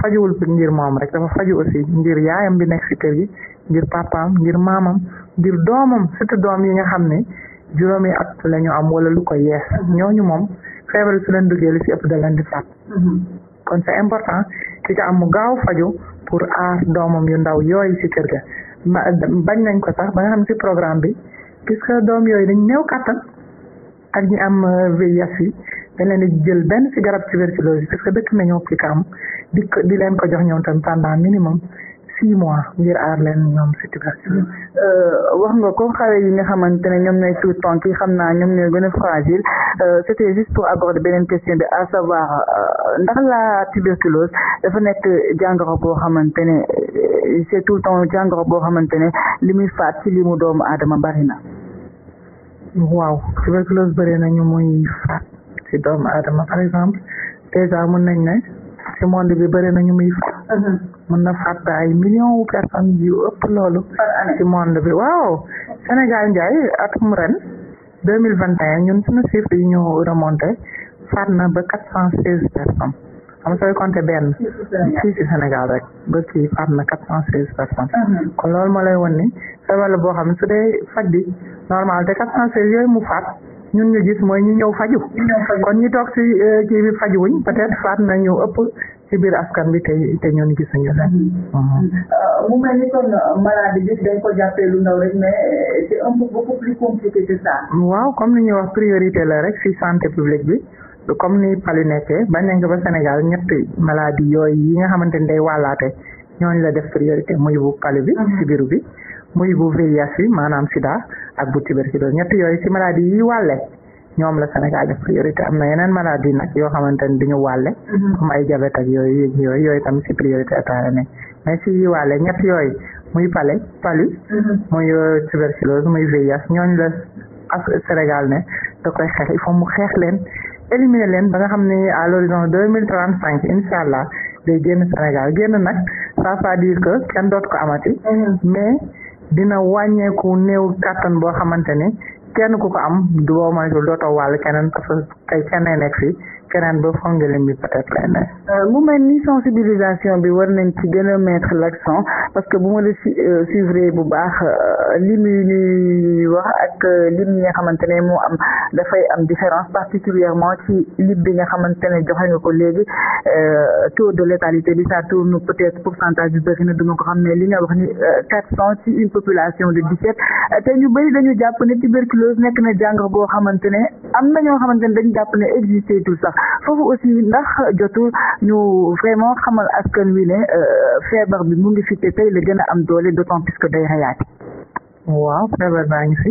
fajuwul ngir moom rek dafa faju aussi ngir yaayam bi nekk si kër gi ngir papaam ngir maamam ngir doomam surtout doom yi nga xam ne juróomi at la am wala lu ko yees mm-hmm. ñooñu moom feebar su leen duggee li si ëpp da leen di faat mm-hmm. kon c'est important ki ca am mu gaaw faju pour aar doomam yu ndaw yooyu si kër ga bañ nañ ko sax ba nga xam programme bi puisque doom yooyu dañ néew kàttan ak ñi am euh, VIH yi dañ leen di jël benn ci garab tuberculose yi puisque dëkk nañoo fi ka am di di leen ko jox ñoom tam pendant minimum six mois ngir aar leen ñoom ci euh,
wax nga ko xale yi nga xamante ne ñoom ñooy tuut tonk yi xam naa ñoom ñooy gën a fragile euh, c'était juste pour aborder beneen question bi à savoir ndax la tuberculose dafa nekk jàngoro boo xamante ne c'est tout le temps jàngoro boo xamante
ne li muy faat ci li mu doomu aadama bari na. waaw tuberculose bëri nañu muy faat ci doomu aadama par exemple déjà mun nañ ne ci monde bi bëri nañu muy faat mun na faat ba ay millions wu personnes yu ëpp loolu ci monde bi waaw Sénégal Ndiaye atum ren deux mille vingt et un ñun suñu chiffre yi ñu remonté faat na ba quatre cent seize personnes am sooy compter benn fii na quatre cent kon loolu moo lay won ni feebar la boo xam su dee faj bi normal te quatre cent seize yooyu mu faat ñun ñu gis mooy ñi ñëw faju kon ñi toog ci euh, kii wuñ fajuwuñ peut-être faat ëpp ci biir askan bi te te ñun gisuñu leen. Mm-hmm.
Euh, mu euh, ko jàppee
waaw comme ni ñuy wax priorité la rek ci santé publique bi comme nu Palu nekkee bañ na ko ba Sénégal ñetti maladie yooyu yi nga xamante ni day wàllaate ñooñu la def priorité muy bu Palu bi. Mm-hmm. ci bi muy bu VIH bi maanaam sida ak bu tuberculose ñett yooyu ci maladie yi wàlle ñoom la Sénégal def priorité am na yeneen maladie nag yoo xamante ni du ñu wàlle mhm. comme ay diabète ak yooyu yooyu yooyu tamit ci priorité état la nekk mais ci yi wàlle ñett yooyu muy pale palu mhm. muy euh, tuberculose muy VIH ñooñu la ak Sénégal ne da koy xeex il faut mu xeex leen éliminer leen ba nga xam ne à l'horizon deux mille trente cinq incha allah day génn Sénégal génn nag ça veut dire que kenn dootu ko amati mhm. mais dina wàññeeku néew kàttan boo xamante ne kenn ku ko am du boo moytul dootoo wàll keneen parce que tey kenn fi keneen ba fongale bi peut-être leneen.
Euh, mu mel ni sensibilisation bi war nañ ci gën a mettre l'accent parce que bu ma la euh, suivre bu baax euh, li muy ñuy wax ak lim yi nga xamante ne moo am dafay am différence particulièrement ci lim bi xamante ne joxe nga ko léegi taux de létalité bi ça tourne peut-être pourcentage bi bëri na du ko xam ne li nga wax ni quatre cent ci une population de dix-sept te ñu bëri dañu jàpp ne tuberculose nekk na jàngoro boo xamante ne am na ñoo xamante ne dañu jàpp ne existé foofu aussi ndax jotul ñu vraiment xamal askan wi ne euh, feebar bi mu ngi fi te tey la gën a am doole d'autant plus que
day rayaati. waaw feebar baa ngi fi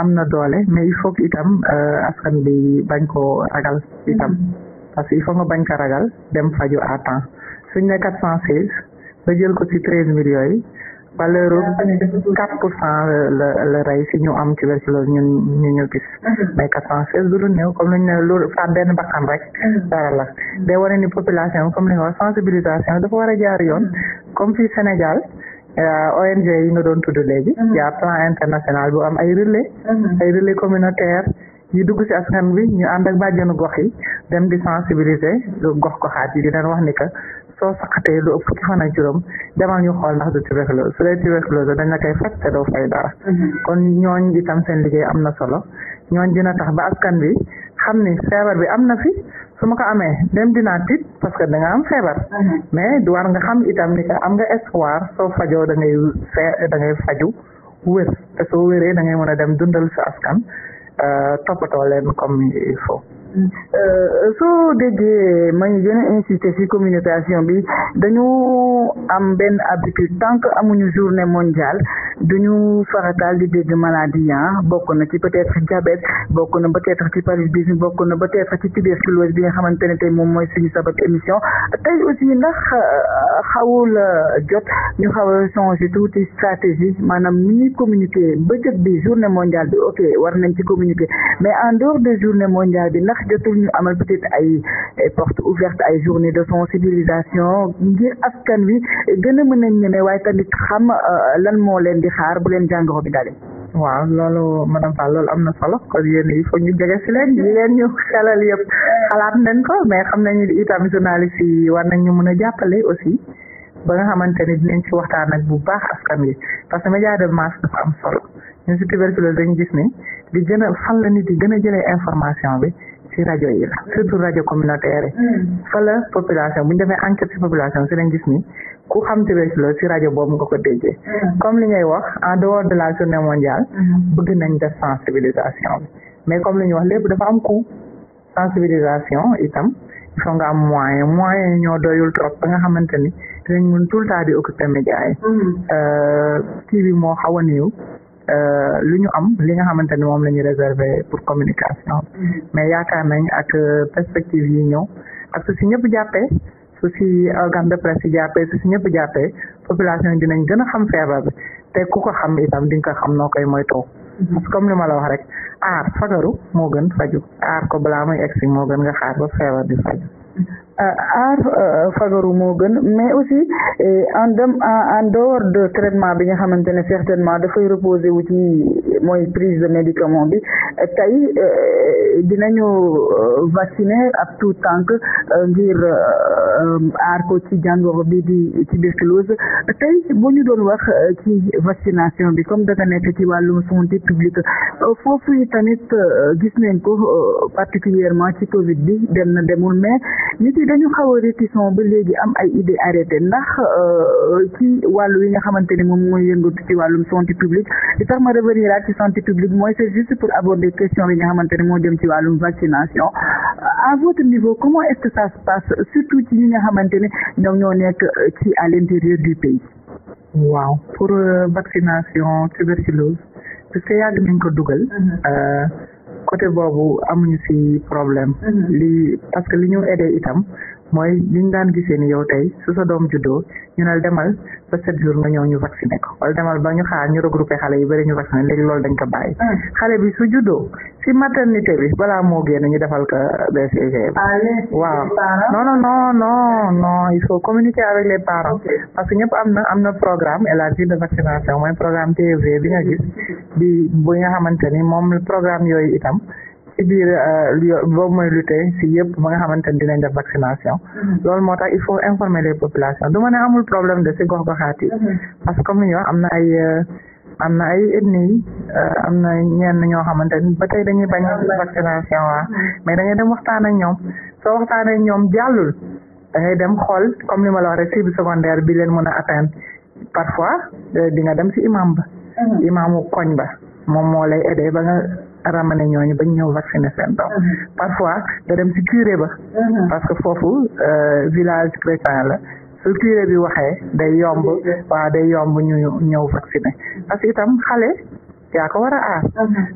am na doole mais il faut que itam euh, askan bi bañ ko ragal itam mm-hmm. parce il faut nga bañ ko ragal dem faju à temps suñ ne 416 ba jël ko ci 13 millions yi valeur am quatre pour cent la la rey si ñu am tuberculose ñu ñu gis mais quatre cent seize du lu néew comme lañ ne lu faat benn bakkan rek mhm. dara la day wane ni population comme li nga wax sensibilisation dafa war a jaar yoon mhm. comme fii Sénégal euh, ONG yi nga doon tudd léegi mhm. yaa plan international bu am ay relais ay relais communautaire ñu dugg ci askan bi ñu ànd ak bàjjenu gox yi dem di sensibiliser gox goxaat yi di leen wax ni que soo saqatee lu ëpp fukki fan ak juróom demal ñu xool ndax du tuberculose su dee tuberculose dañ la koy faj te doo fay dara. Mm-hmm. kon ñooñ itam seen liggéey am na solo ñooñ dina tax ba askan bi xam ni feebar bi am na fi su ma ko amee dem dinaa tiit parce que da am feebar. Mm-hmm. mais war nga xam itam ni que am nga espoir soo fajoo da ngay fee da ngay faju wér te soo wéree da ngay mën a dem dundal sa askan euh, toppatoo leen comme il faut.
Euh, soo déggee may gën a insister ci communication bi dañu am benn habitude tant que amuñu journée mondiale duñu faratal di dégg maladie ah bokk na ci peut-être diabète bokk na peut-être ci paludisme bokk na peut-être ci tuberculose bi nga xamante ne tey moom mooy suñu sabat émission tey aussi ndax euh, xawul euh, jot ñu xaw a changer tuuti stratégie maanaam ni ñuy communiquer ba jot bi journée mondial bi ok war nañ ci communiquer mais en dehors de journée mondiale bi ndax jotul ñu amal peut-être ay porte ouverte ay journée de sensibilisation ngir askan wi gën a mën a ñeme waaye tamit xam euh,
lan moo leen di xaar bu leen jàngoro bi dalee. waaw loolu madame Fall loolu am na solo kon yéen il faut ñu jege si leen leen ñu xelal yëpp xalaat nañ ko mais xam nañu itam journaliste yi war nañ ñu mën a jàppale aussi ba nga xamante ni dinañ ci waxtaan ak bu baax askan wi parce que média de masse dafa am solo ñun si tuberculose dañu gis ni di gën a fan la nit gën a jëlee information bi ci rajo yi la surtout rajo communautaire yi mm. fa la population bu ñu defee enquête ci population si lañ gis ni ku xam Tibes la ci rajo boobu nga ko déggee mm. comme li ngay wax en dehors de la journée mondiale mm. bëgg nañ def sensibilisation bi mais comme li ñuy wax lépp dafa am coût sensibilisation itam il faut nga am moyen moyen ñoo doyul trop ba nga xamante ni dinañ le temps di occuper média yi euh, kii moo xaw Euh, li ñu am li nga xamante ni moom la réserver pour communication mm-hmm. mais yaakaar nañ ak euh, perspective yi ñëw parce que si ñëpp jàppee su si organe de presse yi jàppee su si ñëpp jàppee population dinañ gën a xam feebar te ku ko xam itam di ko xam noo koy moytoo mm-hmm. parce comme li ma la wax rek aar fagaru moo gën faju aar ko balaa muy egsi moo gën nga xaar ba feebar di faju mm-hmm.
Euh, aar euh, fagaru moo gën mais aussi euh, en dem en dehors de traitement bi nga xamante ne certainement dafay reposer wu ci mooy prise de médicament bi tey dinañu vacciner ab tout tànk ngir aar ko ci jàngoro bi di tuberculose tey bu ñu doon wax ci vaccination bi comme dafa nekk ci wàllum santé publique foofu yi tamit gis nañ ko particulièrement ci Covid bi dem na demul mais si dañu xaw a ba léegi am ay idée arrêté ndax euh, ci wàllu yi nga xamante ni moom mooy yëngatu ci wàllum santé publique li tax ma revenir aat ci santé publique mooy c'est juste pour aborder question yi nga xamante ni moo jëm ci wàllum vaccination euh, à votre niveau comment est-ce que ça se passe surtout ci ñi nga xamante ni ñoom ñoo nekk euh, ci à l'intérieur du pays waaw pour
vaccination tuberculose parce que yàgg ko dugal mm-hmm. côté boobu amuñu ci problème. Mm-hmm. li parce que li ñu aidé itam mooy liñ daan gisee ni yow tey su sa doom juddoo ñu ne demal ba sept jours nga ñëw ñu vacciné ko wala demal ba ñu xaar ñu regroupé xale yu bari ñu vacciné léegi loolu dañ ko bàyyi. Mm. xale bi su juddoo si maternité bi balaa moo na ñu defal ko BCG. Ah, waaw non non non non non il faut communiquer avec les parents. parce que ñëpp am na am na programme élargi de vaccination mooy programme TEV bi nga gis bi bu nga xamante ni moom programme yooyu itam. ci biir euh, boobu mooy lutter si yëpp ba nga xamante ne dinañ def vaccination mm-hmm. loolu moo tax il faut informer les populations du ma ne amul problème de si gox goxaat yi mm-hmm. parce que comme ni am na ay euh, am na ay euh, am na ñenn ñoo xamante ni ba tey dañuy bañ vaccination waa mm-hmm. mais da ngay dem waxtaan ak ñoom soo waxtaan ak ñoom jàllul da ngay dem xool comme li ma la wax rek secondaire bi leen mën a parfois di nga dem si imam ba imaamu koñ ba moom moo lay aider ramener ñooñu bañ ñëw vacciner seen doom mhm. parfois nga dem ci curé ba mhm. parce que foofu euh, village chrétien la su curé bi waxee day yomb mhm. waaw day yomb ñu ñëw vacciner parce que itam xale yaa ko war a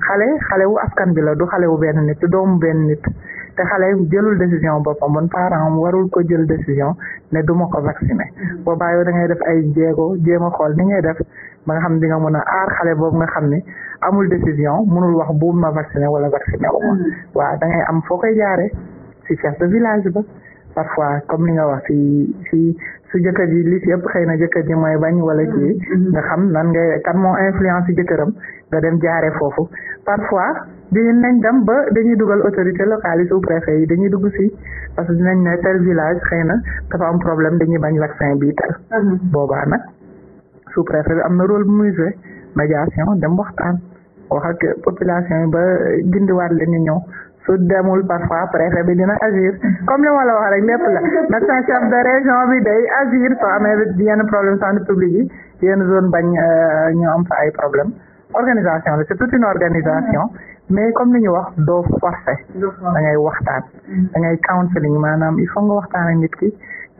xale xale wu askan bi la du xale wu benn nit du doomu benn nit te xale jëlul décision boppam man parent warul ko jël décision ne du ma ko vacciner mm-hmm. boobaa yow da ngay def ay jéego jéem a xool ni ngay def ba nga xam ne di nga mën a aar xale boobu nga xam ne amul décision mënul wax buum ma vacciner wala vacciner wu ma mm-hmm. waaw da am foo koy jaare ci chef de village ba parfois comme ni nga wax ci ci su jëkkër ji li ci ëpp xëy na jëkkër ji mooy bañ wala mm-hmm. kii nga xam nan ngay kan moo influence ci jëkkëram nga dem jaare foofu parfois dinañ nañ dem ba dañuy dugal autorité locale yi sous préfet yi dañuy dugg si parce que nañ ne tel village xëy na dafa am problème dañuy bañ vaccin bii tel mhm. boobaa nag sous préfet am na rôle bu muy joué médiation dem waxtaan wax ak population yi ba gindiwaat leen ñu ñëw su demul parfois préfet bi dina agir comme li ma wax rek lépp la médecin chef de région bi day agir soo amee yenn problème santé publique yi yenn zone bañ euh, ñu am fa ay problème organisation la c'est toute une organisation mais comme li ñu wax doo forcer da ngay waxtaan mm. da ngay counseling maanaam il faut nga waxtaan ak nit ki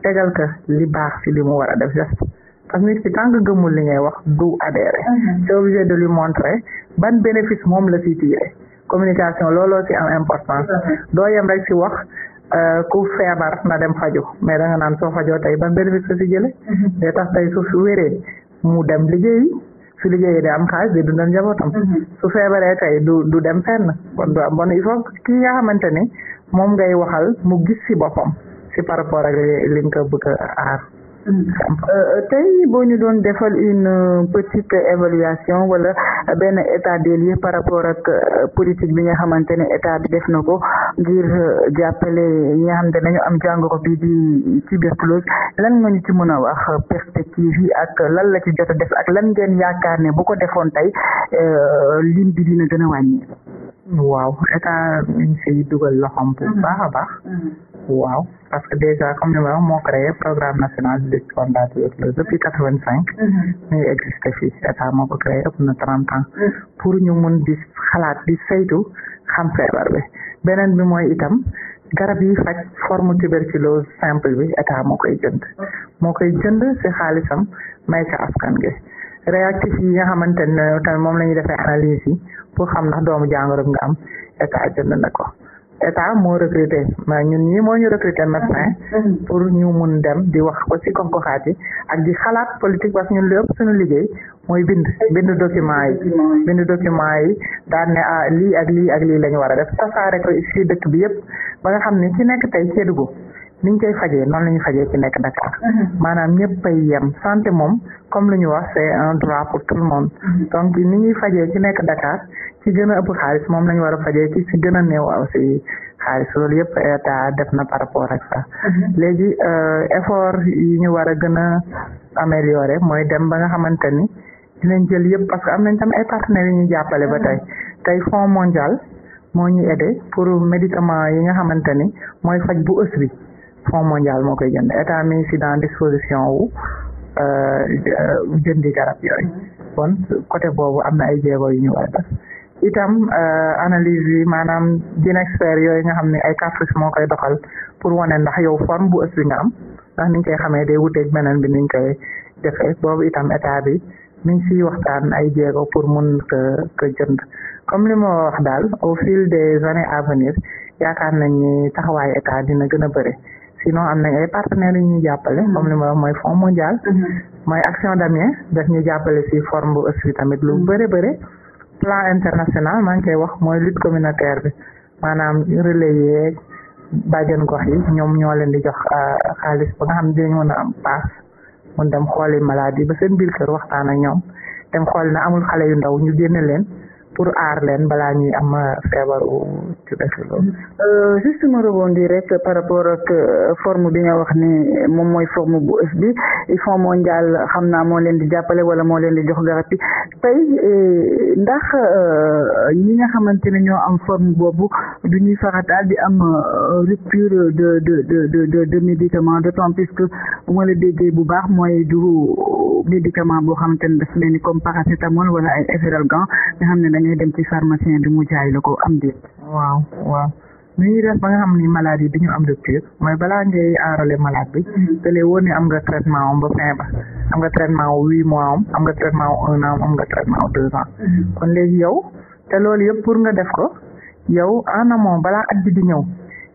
tegal ko li baax ci li mu war a def geste parce que nit ki tant que gëmul li ngay wax du adhérer mm-hmm. c'est obligé de lui montrer ban bénéfice moom la ciy tirer communication looloo ci am importance mm-hmm. doo yem rek ci wax euh, ku feebar na dem faju mais da naan soo fajoo tey ban bénéfice la ci jële mm-hmm. day tax tey su wéree mu dem liggéey su liggéeyee day am xaalis day dundal njabootam mhm. su feebaree tey du du dem fenn kon du am bon il faut ki nga xamante ne moom ngay waxal mu gis ci boppam ci par rapport ak li nga ko bëgg a Euh, euh, tey boo ñu doon defal une euh, petite
évaluation wala benn état des par rapport ak politique bi nga xamante ne état bi na ko ngir jàppale ñi nga xamante ne am jàngoro bi di tuberculose lan nga ñu ci mën a wax perspective ak lan la ci jot a def ak lan ngeen
yaakaar ne bu ko defoon tey lim bi dina gën a wàññi. waaw état mi dugal loxoom bu mm-hmm. baax a baax. Mm-hmm. waaw parce que déjà comme moo créé programme national de lutte contre la tuberculose depuis quatre vingt cinq mu mm-hmm. ngi existé fii moo ko créé ëpp na trente ans mm. pour ñu mun di xalaat di saytu xam feebar bi beneen bi mooy itam garab yi faj forme tuberculose simple bi état moo koy jënd moo koy jënd ci xaalisam may ca askan gi réactif yi nga xamante ne tamit moom la ñuy defee analyse yi pour xam ndax doomu jàngoro nga am état jënd na ko état moo recruté ma ñun ñii moo ñu recruté médecin pour ñu mun dem di wax ko ci konkoxaat yi ak di xalaat politique parce que ñun lépp suñu liggéey mooy bind bind document yi bind document yi daan ne ah lii ak lii ak lii la ñu war a def tasaare ci dëkk bi yëpp ba nga xam ne ci nekk tey Kédougou niñ koy fajee noonu la ñu fajee ci nekk Dakar mm-hmm. maanaam ñëpp ay yem santé moom comme lu ñu wax c'est un droit pour tout le monde mm-hmm. donc ni ñuy fajee ci nekk Dakar ci gën a ëpp xaalis moom la ñu war a fajee ci ci gën a néew aussi xaalis loolu yëpp état def na par rapport ak ça mm-hmm. léegi euh, effort yi ñu war a gën a améliorer mooy dem ba nga xamante ni dinañ jël yëpp parce que am nañ tam ay partenaires yi ñu jàppale ba tey tey Fonds mondial moo ñu aidé pour médicament yi nga xamante ni mooy faj bu fonds mondial moo koy jënd état mi si dans disposition wu euh, jëndi garab yooyu kon côté boobu am na ay jéego yu ñu war a def itam euh, analyse bi maanaam dina expert yooyu nga xam ne ay cartouche moo koy doxal pour wane ndax yow forme bu ës bi nga am ndax niñ koy xamee day wuteeg beneen bi niñ koy defee boobu itam état bi mi ngi siy waxtaan ay jéego pour mun ko ko jënd comme li ma wax daal au fil des années à venir yaakaar nañ ni taxawaay état dina gën a bëri sinon am nañ ay partenaires yu ñuy jàppale comme li ma mooy Fonds mondial mm-hmm. mooy Action Damien daf ñu jàppale si forme bu aussi tamit lu bëri mm-hmm. bëri plan international maa ngi koy wax mooy lutte communautaire bi maanaam relais yeeg bàjjen gox yi ñoom ñoo leen di jox euh, xaalis ba nga xam ne dinañ a am paas mun dem xooli maladie ba seen biir kër waxtaan ak ñoom dem xooli na amul xale yu ndaw ñu génne leen pour aar leen balaa ñuy am euh, feebar ci dëkk loolu. Mm.
Euh, juste ma rebondir rek par rapport ak euh, forme bi nga wax ni moom mooy forme bu ës bi Fonds mondial xam naa moo leen di jàppale wala moo leen di jox garab bi tey ndax ñi nga xamante ne ñoo am forme boobu du ñuy farataal di am rupture de de de de de médicament d'autant plus la déggee bu baax mooy du médicament boo xamante ne daf mel ni comme paracétamol wala ay Efferalgan nga xam ne ngay dem ci pharmacien bi mu jaay la ko am déet. waaw
waaw nu ñuy def ba nga xam ni malade yi dañu am rupture mooy balaa ngay aarale malade bi. Mm-hmm. te lee woon am nga traitement am ba fin ba am nga traitement wu huit mois am am nga traitement wu un an am nga deux ans. Mm-hmm. kon léegi yow te loolu yëpp pour nga def ko yow ana amont balaa at bi di ñëw.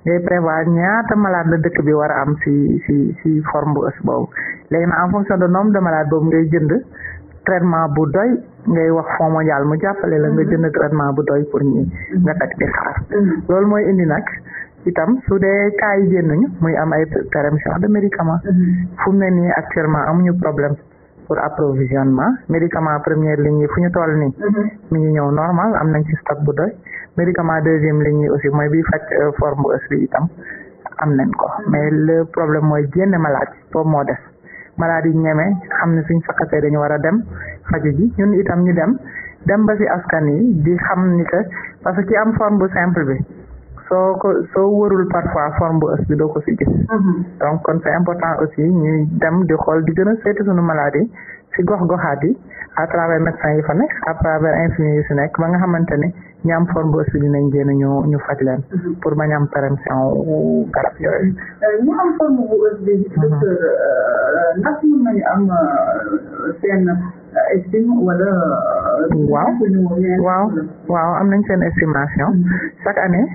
ngay prévoir ñaata malade la dëkk bi war a am si si si forme bu ës boobu léegi nag en fonction de nombre de malade boobu ngay jënd traitement bu doy ngay wax Fonds mondial mu jàppale la nga mm-hmm. jënd traitement bu doy pour ñi mm-hmm. nga teg di xaar mm-hmm. loolu mooy indi nag itam su dee cas yi génnuñu muy am ay péremption de médicament fu mu ni nii actuellement amuñu problème pour approvisionnement médicament première ligne yi fu ñu toll nii mi ngi ñëw normal am nañ ci stock bu doy médicament deuxième ligne yi aussi mooy euh, bi faj forme bu ës itam am nañ ko mais le problème mooy génne malade boobu moo def malade yi ñeme xam ne fiñ fakkasee dañu war a dem faju ji ñun itam ñu dem dem ba ci askan yi di xam ni que parce que ci am forme bu simple bi soo ko soo warul parfois forme bu ës bi ko ci gis mhm. donc kon c'est important aussi ñu dem di xool di gën a seeti suñu malade yi gox goxaat yi a travers médecins yi fa nekk à travers infirmiers yi ci nekk ba nga xamante ni ñi am formbose bi dinañ génn ñu ñu faj leen. Mhm. pour bañ am prévention garab yooyu.
Euh, ñu am formbose bi. Mhm.
docteur euh, euh, waaw waaw waaw am nañ seen estimation. Mhm. chaque année.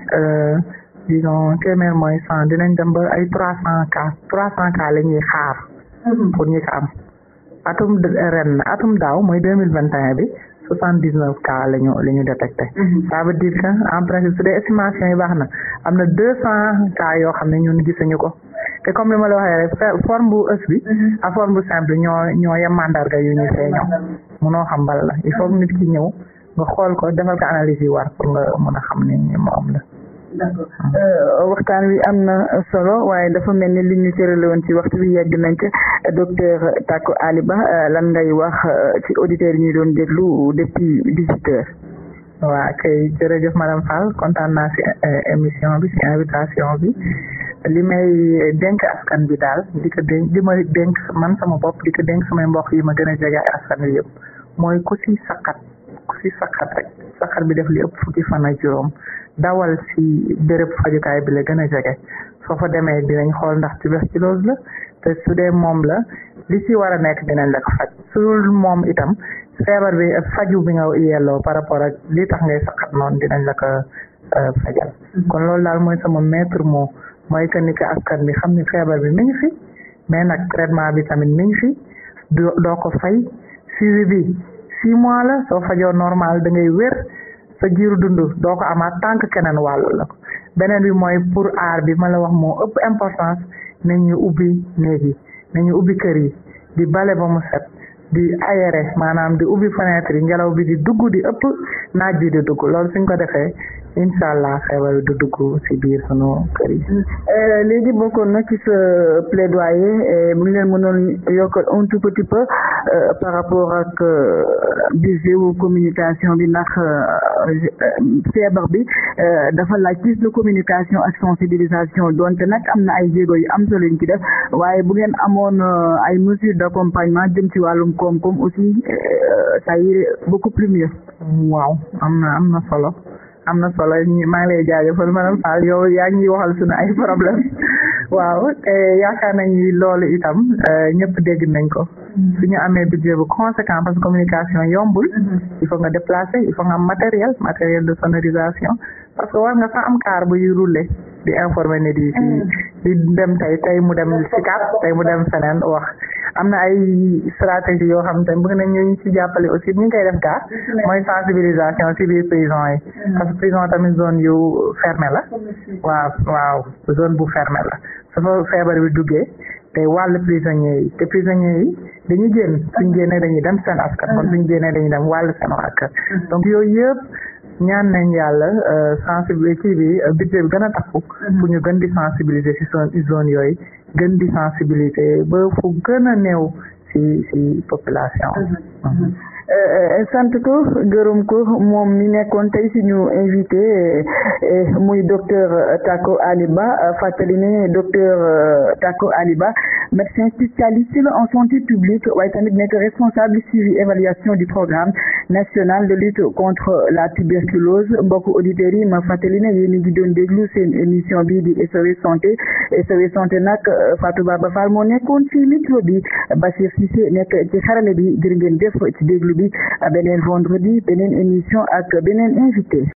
disons téeméer mooy cent dinañ dem ba ay trois cent cas trois cent cas la ñuy xaar. pour ñi ko am. atum ren atum daaw mooy deux mille vingt et un bi. soixante dix neuf cas la ñu la ñu détecté mhm. ça veut dire que en principe su dee estimation yi baax na am na deux cent cas yoo xam ne ñun gisuñu ko te comme li ma la waxee rek forme bu ës bi mhm. forme bu simple ñoo ñoo yem mandarga ñu ñuy feeñoo munoo xam bal la il faut nit ki ñëw nga xool ko defal ko analyse yi war pour nga mën a xam ni moom la
Euh, waxtaan wi am na solo waaye dafa mel ni li ñu cërale ci waxtu bi yegg nañ ca docteur Tacko Ali Ba euh, lan ngay wax euh, ci auditeurs yi ñu
doon déglu depuis dix-huit heures. waa kay jërëjëf madame Fall kontaan naa si émission bi si invitation bi li may dénk askan bi daal di ko dénk di ma dénk man sama bopp di ko dénk samay mbokk yi ma gën a jege ak askan bi yëpp mooy ku si sakkat ku si sakkat rek bi def li ëpp fukki fan ak juróom. daawal si béréb fajukaay bi la gën a jege soo fa demee dinañ xool ndax tuberculose la te su dee moom la li si war a nekk dinañ la faj su dul moom itam feebar bi faju bi nga yelloo par rapport ak li tax ngay saqat noonu dinañ la ko euh, fajal kon loolu daal mooy sama maître mot mooy que ni que askan bi xam ni feebar bi mi ngi fi mais nag traitement bi tamit mi ngi fi doo ko fay suivi bi six mois la soo fajoo normal da ngay wér sa jiiru dund doo ko amaat tant que keneen wàllu la beneen bi mooy pour aar bi ma la wax moo ëpp importance nañu ubbi néeg yi nañu ubbi kër yi di bale ba mu set di aéré maanaam di ubbi fenêtre yi ngelaw bi di dugg di ëpp naaj bi di dugg loolu suñ ko defee incha allah feebar du dugg ci biir sunu kër yi.
Eh, léegi bokkoon na ci sa plaidoyer bu eh, ñu leen mënoon yokkal un tout petit peu eh, par rapport ak budget wu communication bi ndax feebar bi dafa laaj plus de communication ak sensibilisation donte nag am na ay jéego yu am solo yu ci def waaye bu ngeen amoon ay mesures d'accompagnement jëm ci wàllum koom-koom aussi ça
irait beaucoup plus mieux. waaw am na am na solo. am na solo ñu maa ngi lay jaajëfal madame Fall yow yaa ngi waxal suñu ay problème waaw te yaakaar nañu loolu itam euh, ñëpp dégg nañ ko mm-hmm. su ñu amee budget bu conséquent parce que communication yombul mm-hmm. il faut nga déplacer il faut nga matériel matériel de sonorisation parce que war nga sax am kaar buy rouler di informer nit yi ci mm. di dem tay tey mu dem sikap tey mu dem feneen wax am na ay stratégie yoo xam te bëgg nañ ñu ci jàppale aussi ñu koy def gaa mm. mooy sensibilisation ci biir prison yi mm. parce que prison tamit zone yu fermé la waaw waaw zone bu fermé la su feebar bi duggee te wàll prisonniers yi te prisonniers yi dañuy génn suñ génnee dañuy dem seen askan kon ñu génnee dañuy dem wàll seen waa donc yooyu yëpp ñaan nañ yàlla euh, sensibiliser kii bi euh, budget bi gën a takku mhm. pour ñu gën di sensibiliser ci zone yooyu gën di sensibiliser ba fu gën a néew ci ci population mhm. Mhm. Eh,
eh, sant ko gërëm ko moom mi nekkoon tey suñu invité eh, muy docteur Tako Aliba fàttali ne docteur Tako Aliba médecin spécialiste en santé publique waaye tamit nekk responsable suivi évaluation du programme national de lutte contre la tuberculose mbokk auditeurs yi ma fàttali ne yéen a ngi doon déglu émission bi di SOS santé SOS santé nag Fatou Baba Fall moo nekkoon ci micro bi Bassir Cissé nekk ci xarale bi jërë ngeen jëf ci bi beneen vendredi beneen émission ak beneen invité.